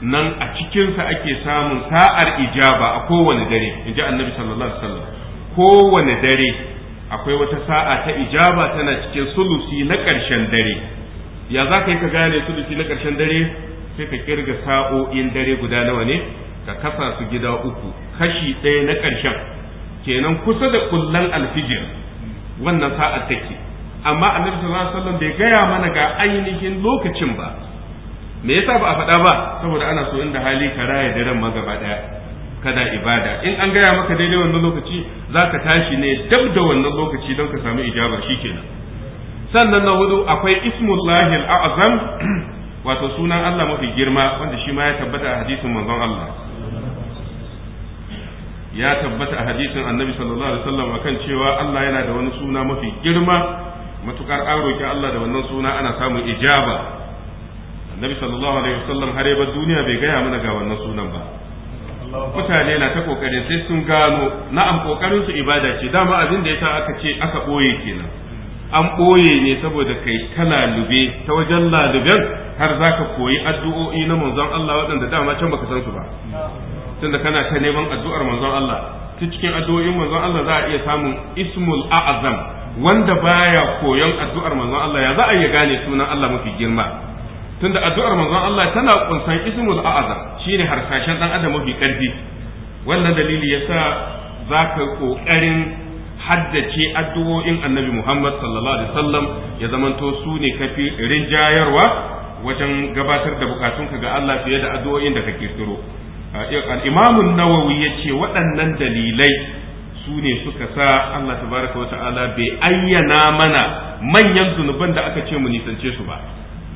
nan a cikinsa ake samun sa'ar ijaba a kowane dare in ji annabi sallallahu alaihi wasallam kowane dare akwai wata sa'a ta ijaba tana cikin sulusi na ƙarshen dare ya za ka yi ka gane sulusi na ƙarshen dare sai ka kirga sa'o'in dare guda nawa ne ka kasa su gida uku kashi ɗaya na ƙarshen kenan kusa da kullan alfijir wannan sa'ar take amma annabi sallallahu alaihi wasallam bai gaya mana ga ainihin lokacin ba me yasa ba a faɗa ba saboda ana so inda hali ka raya daren ran magaba ɗaya kada ibada in an gaya maka daidai wannan lokaci za ka tashi ne dab da wannan lokaci don ka samu ijaba shikenan sannan na hudu akwai ismullahi al-azam wato sunan Allah mafi girma wanda shi ma ya tabbata a hadisin manzon Allah ya tabbata a hadisin annabi sallallahu alaihi wasallam akan cewa Allah yana da wani suna mafi girma matukar aroki Allah da wannan suna ana samun ijaba annabi sallallahu alaihi wasallam har ba duniya bai gaya mana ga wannan sunan ba mutane na ta kokarin sai sun gano na'am kokarin su ibada ce dama abin da ya sa aka ce aka boye kenan an ɓoye ne saboda kai ta lalube ta wajen laluben har za ka koyi addu'o'i na manzon Allah waɗanda dama can baka san su ba tunda kana ta neman addu'ar manzon Allah ta cikin addu'o'in manzon Allah za a iya samun ismul a'azam wanda baya koyon addu'ar manzon Allah ya za a iya gane sunan Allah mafi girma tunda addu'ar manzon Allah tana kunsan ismul a'azam shi ne harsashen ɗan adam mafi ƙarfi wannan dalili yasa zaka ƙoƙarin haddace addu'o'in annabi Muhammad sallallahu alaihi wasallam ya zamanto su ne kafi rinjayarwa wajen gabatar da bukatunka ga Allah fiye da addu'o'in da ka kirkiro al-Imam nawawi yace waɗannan dalilai su ne suka sa Allah tabaraka wata'ala bai ayyana mana manyan zunuban da aka ce mu nisance su ba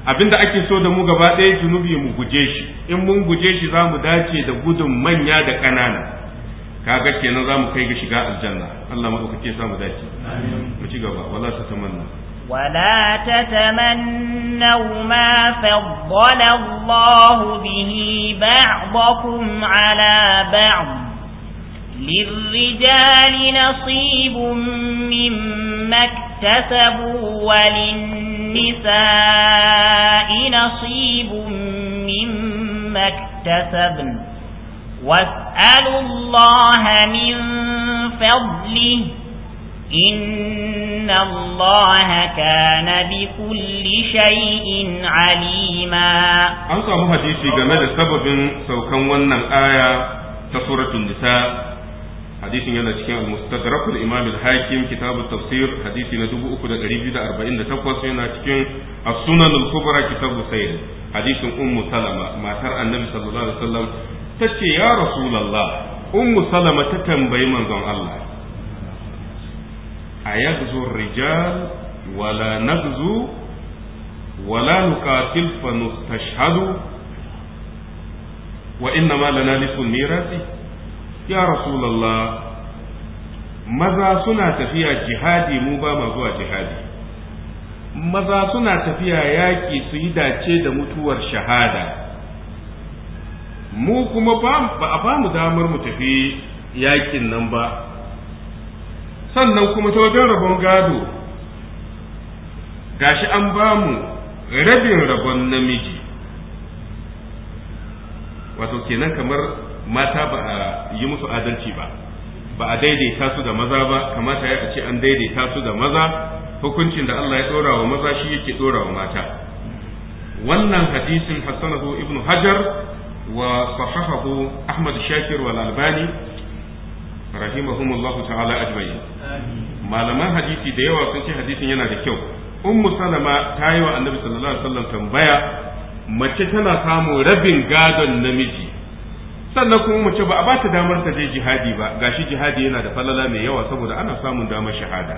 abinda ake so da mu gaba ɗaya zunubi mu guje shi in mun guje shi za mu dace da gudun manya da ƙanana kaga kenan za mu kai ga shiga aljanna Allah maɗaukaki ya samu dace mu ci gaba wala ta tamanna ولا تتمنوا ما فضل الله به بعضكم على بعض للرجال نصيب مما اكتسبوا وللنساء نصيب مما اكتسبن واسألوا الله من فضله إن الله كان بكل شيء عليما أنت أبو حديثي جمال سبب سوكان ونن آية تصورة النساء حديث يلا تشكي المستدرك الإمام الحاكم كتاب التفسير حديث ندبو أكد أريد أربعين تقوص يلا تشكي السنن الكبرى كتاب السيد حديث أم سلمة ما ترى النبي صلى الله عليه وسلم ta ce ya rasulallah ummu salama ta tambayi manzon Allah a yagzu rijal wala nagzu wala nuqatil fa nustashhadu wa inna ma lana nisul mirasi ya rasulallah maza suna tafiya jihadi mu ba ma zuwa jihadi maza suna tafiya yaƙi su yi dace da mutuwar shahada mu kuma ba a bamu damar mu tafi yakin nan ba sannan kuma ta wajen rabon gado gashi an ba mu rabin rabon namiji wato kenan kamar mata ba a yi musu adalci ba ba a daidaita su da maza ba kamata ya ce an daidaita su da maza hukuncin da Allah ya ɗora wa maza shi yake ɗora wa mata wannan hadisin hassanahu ibnu hajar وصححه أحمد الشاكر والألباني رحمهم الله da yawa ما لما حديثي ديوا سنتي حديثي ينا دكيو أم سلمة تايوا النبي صلى الله عليه وسلم تنبيا mace tana samun rabin gadon namiji sannan kuma mace ba a ba ta damar ta je jihadi ba gashi jihadi yana da falala mai yawa saboda ana samun damar shahada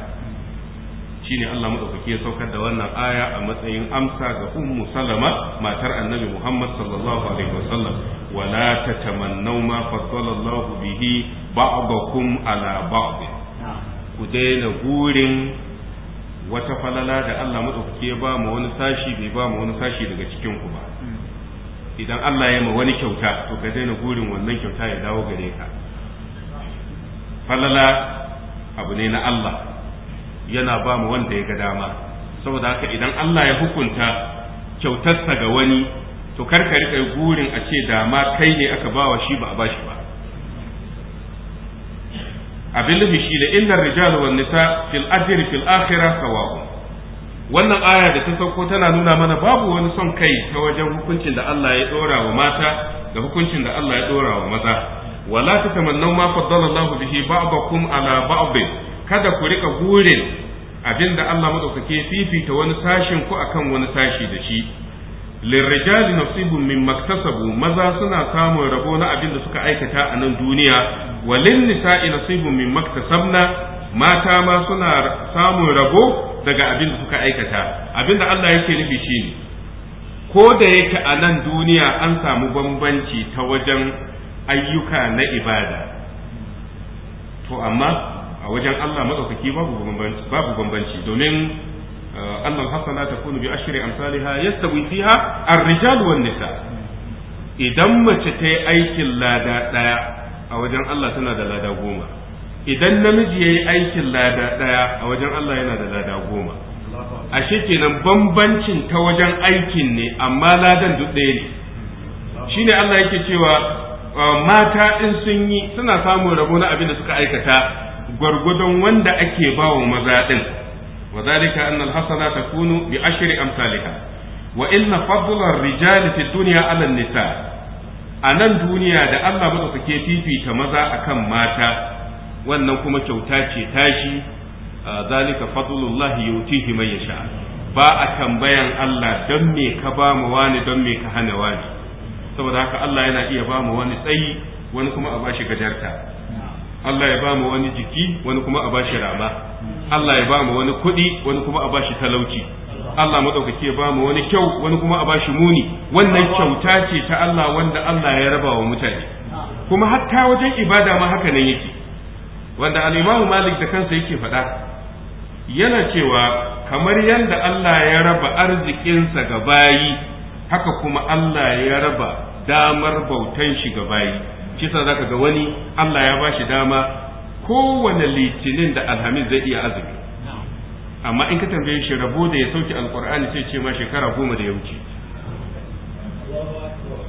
shine Allah madaukake ya saukar da wannan aya a matsayin amsa ga ummu salama matar annabi Muhammad sallallahu alaihi wasallam wala tatamannaw ma faddala Allah bihi ba'dakum ala ba'd ku daina gurin wata falala da Allah madaukake ya ba mu wani sashi bai ba mu wani sashi daga cikin ku ba idan Allah ya ma wani kyauta to ka daina gurin wannan kyauta ya dawo gare ka falala abu ne na Allah yana ba mu wanda ya ga dama saboda haka idan Allah ya hukunta kyautarsa ga wani to karka rika gurin a ce dama kai ne aka bawa shi ba a bashi ba abin da shi da inna rijalu wan nisa fil ajr fil akhirah sawa'un wannan aya da ta sauko tana nuna mana babu wani son kai ta wajen hukuncin da Allah ya dora wa mata da hukuncin da Allah ya dora wa maza wala tatamannu ma faddala Allah bihi ba'dakum ala ba'd kada ku rika gurin abinda Allah madaukake fifita wani sashin ku akan wani sashi da shi lirrijali nasibun min maktasabu maza suna samun rabo na abin da suka aikata a nan duniya walin nisa'i nasibun min maktasabna mata ma suna samun rabo daga abin da suka aikata abin da Allah yake nufi ne. ko da yake a nan duniya an samu bambanci ta wajen ayyuka na ibada to amma a wajen Allah matsaukaki babu bambanci domin bambanci eh, domin na hasana kunu bi ashri amsalha yastawi fiha ar-rijal wan nisa idan mace ta yi aikin lada daya a wajen Allah tana da lada goma idan namiji ya yi aikin lada ɗaya, a wajen Allah yana da lada goma ashe kenan bambancin ta wajen aikin ne amma ladan duk ɗaya ne shine Allah yake cewa eh, mata in sun yi suna samun rabo na abin da suka aikata gwargwadon wanda ake bawa maza ɗin wa zalika anna al-hasana takunu bi ashiri amsalika wa inna fadla ar-rijali fi ala nisa a nan duniya da Allah maka ke fifita maza akan mata wannan kuma kyauta ce tashi zalika fadlullahi yutihi man yasha ba a tambayan Allah don me ka ba mu wani don me ka hana wani saboda haka Allah yana iya ba mu wani tsayi wani kuma a bashi gajarta Allah ya ba mu wani jiki wani kuma a bashi rama Allah ya ba mu wani kuɗi wani kuma a bashi talauci Allah maɗaukake ya ba mu wani kyau wani kuma a bashi muni wannan kyauta ce ta Allah wanda Allah ya raba wa mutane kuma hatta wajen ibada ma haka nan yake wanda al-Imam Malik da kansa yake faɗa yana cewa kamar yadda Allah ya raba arzikinsa ga bayi haka kuma Allah ya raba damar bautan shi ga bayi shi sa zaka ga wani Allah ya ba shi dama kowane litinin da alhamis zai iya azumi amma in ka tambaye shi rabo da ya sauke alkur'ani sai ce ma shekara goma da ya wuce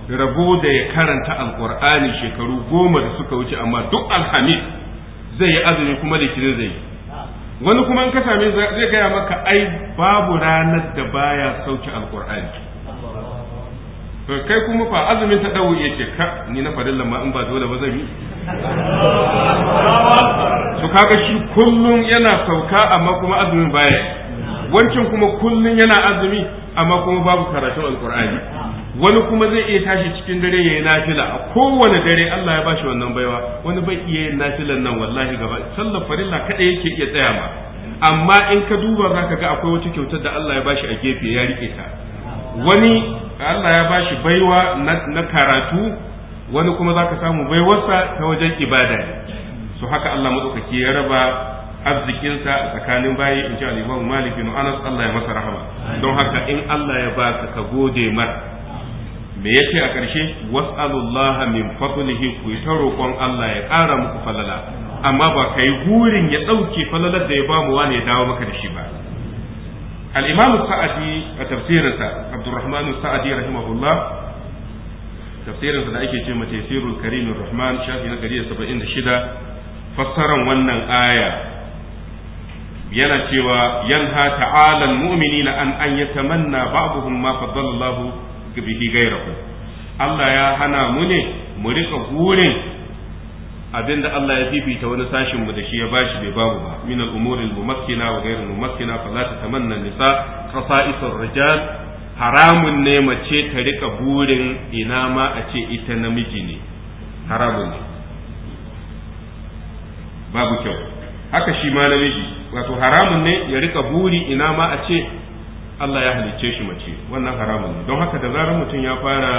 rabo da ya karanta alkur'ani shekaru goma da suka wuce amma duk alhamis zai yi azumi kuma litinin zai yi wani kuma in ka same zai gaya maka ai babu ranar da baya sauke alkur'ani to kai kuma fa azumin ta dawo yake ka ni na farillan ma in ba dole ba zan yi to kaga shi kullun yana sauka amma kuma azumin baya wancan kuma kullun yana azumi amma kuma babu karatun alqur'ani wani kuma zai iya tashi cikin dare yayi nafila a kowane dare Allah ya bashi wannan baiwa wani bai iya yin nafilan nan wallahi gaba sallar farilla kada yake iya tsaya ma amma in ka duba zaka ga akwai wata kyautar da Allah ya bashi a gefe ya rike ta wani Allah ya ba shi baiwa na karatu wani kuma za ka samu baiwarsa ta wajen ibada ne su haka Allah maɗaukaki ya raba arzikinsa a tsakanin bayi in ji al'imam malik bin anas Allah ya masa rahama don haka in Allah ya baka ka gode mar me yake a ƙarshe was'alullaha min fadlihi ku ta roƙon Allah ya ƙara muku falala amma ba yi gurin ya ɗauke falalar da ya ba mu wani ya dawo maka da shi ba al-imam sa'adi a tafsirinsa abdurrahman sa'adi rahimahullah tafsirinsa da ake ce ma tafsirul karim shafi na 176 fassaran wannan aya yana cewa yanha ta'ala al-mu'minina an an yatamanna ba'dhum ma faddala Allah bihi ghayrahu Allah ya hana mu ne mu rika burin. abinda Allah ya fifita wani sashin mu da shi ya bashi bai babu ba min al umur al-mumakkina wa ghayr al-mumakkina la tatamanna nisa qasa'is ar-rijal haramun ne mace ta rika burin ina ma a ce ita namiji ne haramun ne babu kyau haka shi ma namiji wato haramun ne ya rika buri ina ma a ce Allah ya halicce shi mace wannan haramun ne don haka da zarar mutum ya fara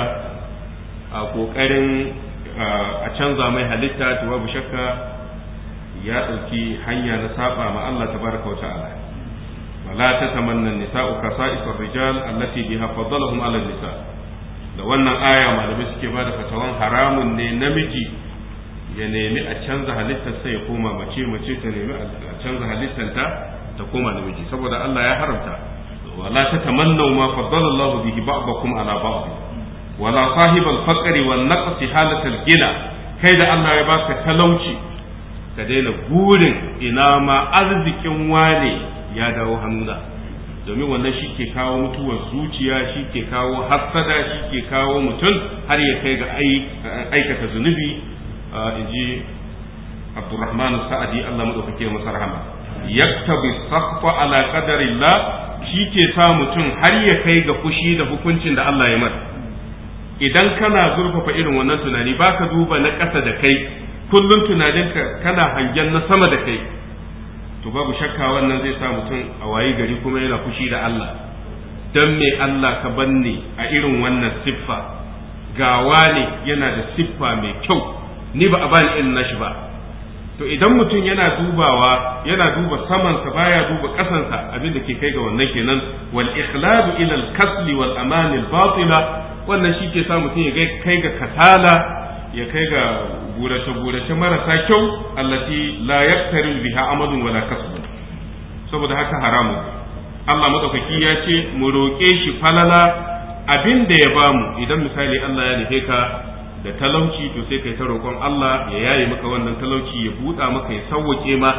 a kokarin a canza mai halitta ta babu shakka ya ɗauki hanya na saba ma Allah tabaraka wa ta'ala wala ta tamanna nisa'u kasa'is rijal allati biha faddalahum 'ala nisa da wannan aya malamai suke bada fatawan haramun ne namiji ya nemi a canza sai ya koma mace mace ta nemi a canza halittarta ta koma namiji saboda Allah ya haramta wala ta tatamannu ma faddala Allah bihi ba'dakum 'ala ba'd wala sahibal faqri wal naqsi halatal gina kai da Allah ya baka talauci ka daina burin ina ma arzikin wane ya dawo hannuna domin wannan shi ke kawo mutuwar zuciya shi ke kawo hassada shi ke kawo mutum har ya kai ga aikata zunubi in ji abdurrahman sa'adi Allah madaukake masa rahama yaktabi safa ala qadarillah shi ke sa mutum har ya kai ga fushi da hukuncin da Allah ya mata idan kana zurfafa irin wannan tunani ba ka duba na ƙasa da kai kullum tunaninka kana hangen na sama da kai to babu shakka wannan zai sa mutum a wayi gari kuma yana fushi da Allah dan me Allah ka banne a irin wannan siffa gawa ne yana da siffa mai kyau ni ba a bani in nashi ba to idan mutum yana dubawa yana duba samansa baya duba sa, abin da ke kai ga wannan kenan wal ikhladu ila al kasli wal amanil batila wannan shi ke sa mutum ya kai ga kasala ya kai ga gurace-gurace marasa kyau allati la yaktarin biha amadun wala kasbun saboda haka haramu Allah madaukaki ya ce mu roƙe shi falala abin da ya bamu idan misali Allah ya nufe ka da talauci to sai kai ta roƙon Allah ya yaye maka wannan talauci ya buɗa maka ya sauwake ma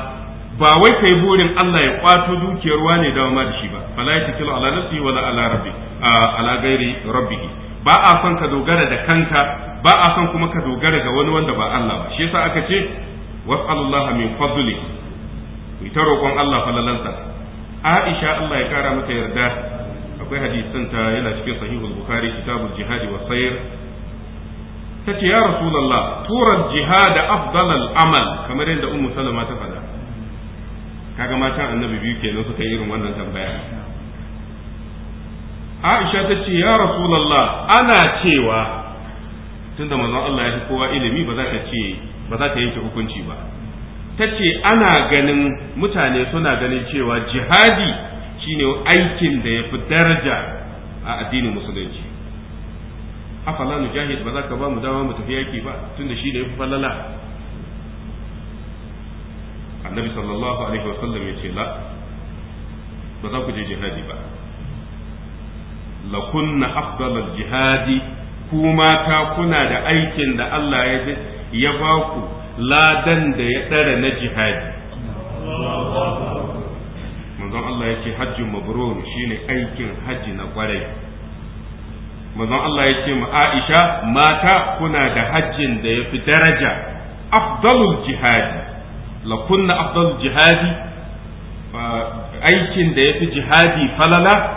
ba wai kai burin Allah ya kwato dukiyar wane dawa ma da shi ba fala ya tikilu ala nafsi wala ala rabbi ala gairi rabbihi ba a son ka dogara da kanka ba a son kuma ka dogara ga wani wanda ba Allah ba shi yasa aka ce was'alullaha min fadli ku ta roƙon Allah falalansa Aisha Allah ya kara mata yarda akwai hadisin ta yana cikin sahihul bukhari kitabul jihad wa sayr tace ya rasulullah tura jihad afdal al amal kamar yadda ummu salama ta faɗa kaga matan annabi biyu kenan suka yi irin wannan tambaya aisha ta ce ya rasulallah ana cewa tunda manzon Allah ya fi kowa ilimi ba za ka ce ba za ka yanke hukunci ba ta ce ana ganin mutane suna ganin cewa jihadi shine aikin da ya fi daraja a addinin musulunci afala jahid ba za ka ba mu dama mu tafi yaki ba tunda shi da ya fi annabi sallallahu alaihi wasallam ya ce la ba za ku je jihadi ba lakunna afdalal jihadi ku mata kuna da aikin da Allah ya ba ku ladan da ya ɗara na jihadi manzon Allah ya ce hajjin mabrur shine aikin hajji na kwarai manzon Allah ya ce ma Aisha mata kuna da hajjin da ya fi daraja afdalul jihadi lakunna afdalul jihadi aikin da ya fi jihadi falala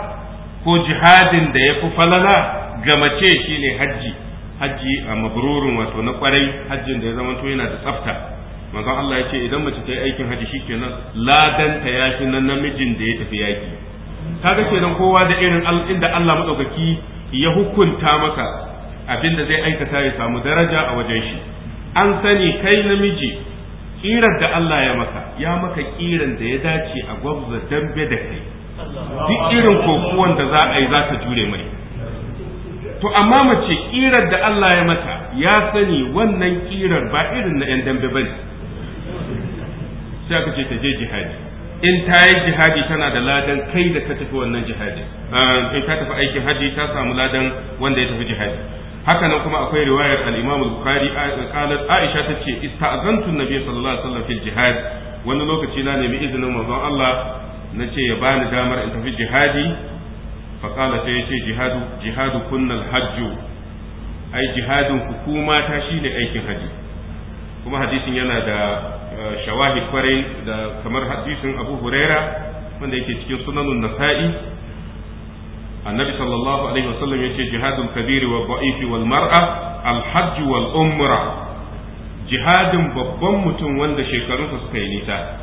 ko jihadin da ya fi falala ga mace shine hajji hajji a mabrurin wato na kwarai hajjin da ya zama zamanto yana da tsafta manzon Allah ya ce idan mace ta yi aikin hajji shikenan ladan ta yafi nan namijin da ya tafi yaki Ta kaga kenan kowa da irin inda Allah madaukaki ya hukunta maka abinda zai aikata ya samu daraja a wajen shi an sani kai namiji kiran da Allah ya maka ya maka kiran da ya dace a gwabza dambe da kai duk irin kokuwan da za a yi za ta jure mai to amma mace kirar da Allah ya mata ya sani wannan kirar ba irin na 'yan dambe bane sai aka ce ta je jihadi in ta yi jihadi tana da ladan kai da ka tafi wannan jihadi ah, in ta tafi aikin haji ta samu ladan wanda ya tafi jihadi haka nan kuma akwai riwayar al-Imam al-Bukhari qalat Aisha tace ista'zantu an-nabiy sallallahu alaihi wasallam fil jihad wani lokaci na nemi izinin manzon Allah na ce ya bani damar in tafi jihadi faƙala sai ya ce jihadu kunnal hajju ai jihadin hukuma ta shi ne aikin haji kuma hadisin yana da eh, shawahid kwarai da kamar hadisin abu huraira wanda yake cikin sunanun nasa'i annabi sallallahu alaihi wasallam ya ce jihadun kabiri wa ba'ifi wal mar'a al wal umra jihadin babban mutum wanda shekarunsa suka yi nisa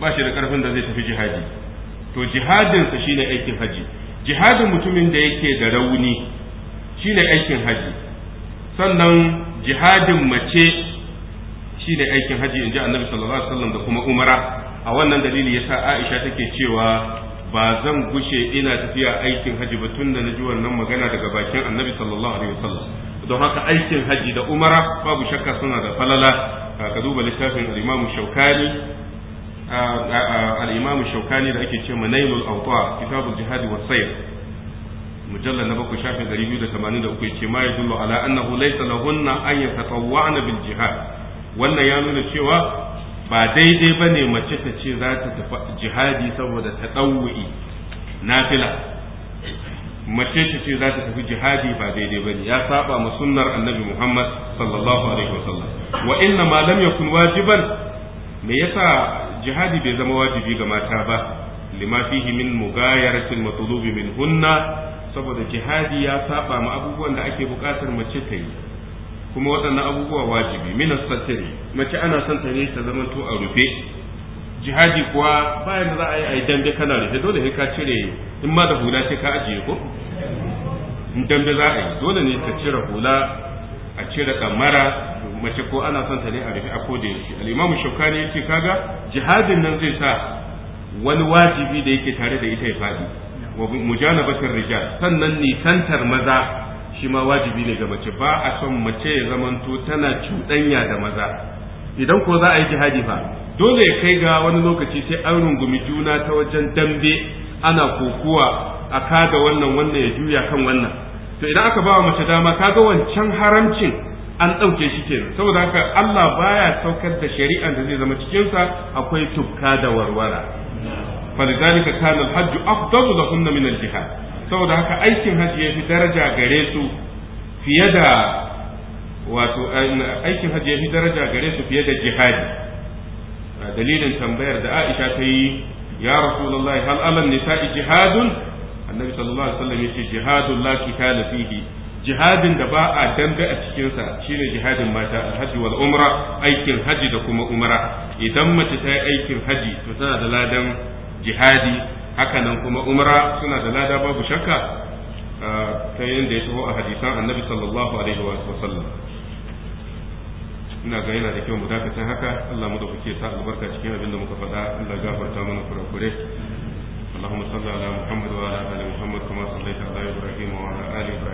ba shi da karfin da zai tafi jihadi to jihadinsa shine aikin haji jihadin mutumin da yake da rauni shine aikin haji sannan jihadin mace shine aikin haji inji annabi sallallahu alaihi wasallam da kuma umara a wannan dalili yasa Aisha take cewa ba zan gushe ina tafiya aikin haji ba tunda na ji wannan magana daga bakin annabi sallallahu alaihi wasallam don haka aikin haji da umara babu shakka suna da falala ka duba littafin al-Imam Shawkani al-imam shaukani da ake cewa nailul awta kitabul jihadi wa sayr mujallal na bakwai shafin ɗari biyu da tamanin da uku ce ma ya dullo ala annahu laysa lahunna an na bil jihad wannan ya nuna cewa ba daidai ba ne mace ta ce za ta tafi jihadi saboda ta tadawwi nafila mace ta ce za ta tafi jihadi ba daidai ba ne. ya saba ma sunnar annabi Muhammad sallallahu alaihi wa sallam. wa inna ma lam yakun wajiban me yasa jihadi bai zama wajibi ga mata ba lima fihi min mugayaratin matulubi min hunna saboda jihadi ya saba ma abubuwan da ake bukatar mace ta yi kuma waɗannan abubuwa wajibi min satiri mace ana son ta ne ta zama to a rufe jihadi kuwa bayan da za a yi a yi dambe kana rufe dole sai ka cire in ma da hula ce ka ajiye ko dambe za a yi dole ne ka cire hula a cire kamara mace ko ana son ta ne a rufe a koda yaushe al-imam shaukani yake kaga jihadin nan zai sa wani wajibi da yake tare da ita ya fadi wa mujanabatir rijal sannan nisantar maza shi ma wajibi ne ga mace ba a son mace ya zamanto tana cuɗanya da maza idan ko za a yi jihadi fa dole ya kai ga wani lokaci sai an rungumi juna ta wajen dambe ana kokuwa a kada wannan wannan ya juya kan wannan to idan aka ba mace dama kaga wancan haramcin an ɗauke shi ke saboda haka Allah baya saukar da shari'a da zai zama cikinsa akwai tubka da warwara falidalika kana alhajj afdalu lahunna min aljihad saboda haka aikin hajji yafi daraja gare su fiye da wato aikin hajji yafi daraja gare su fiye da jihadi dalilin tambayar da Aisha ta yi ya rasulullahi hal alam nisa'i jihadun annabi sallallahu alaihi wasallam yace jihadun la kitala fihi jihadin da ba a dambe a cikinsa shine jihadin mata alhaji wal umra aikin haji da kuma umra idan mace ta yi aikin haji to tana da ladan jihadi nan kuma umra suna da lada babu shakka ta yadda ya taho a hadisan annabi sallallahu alaihi wa sallam ina ga yana da kyau mu dakata haka Allah mu da kuke sa albarka cikin abin da muka faɗa Allah gafarta mana kurakure اللهم صل على محمد وعلى ال محمد كما صليت على ابراهيم وعلى ال ابراهيم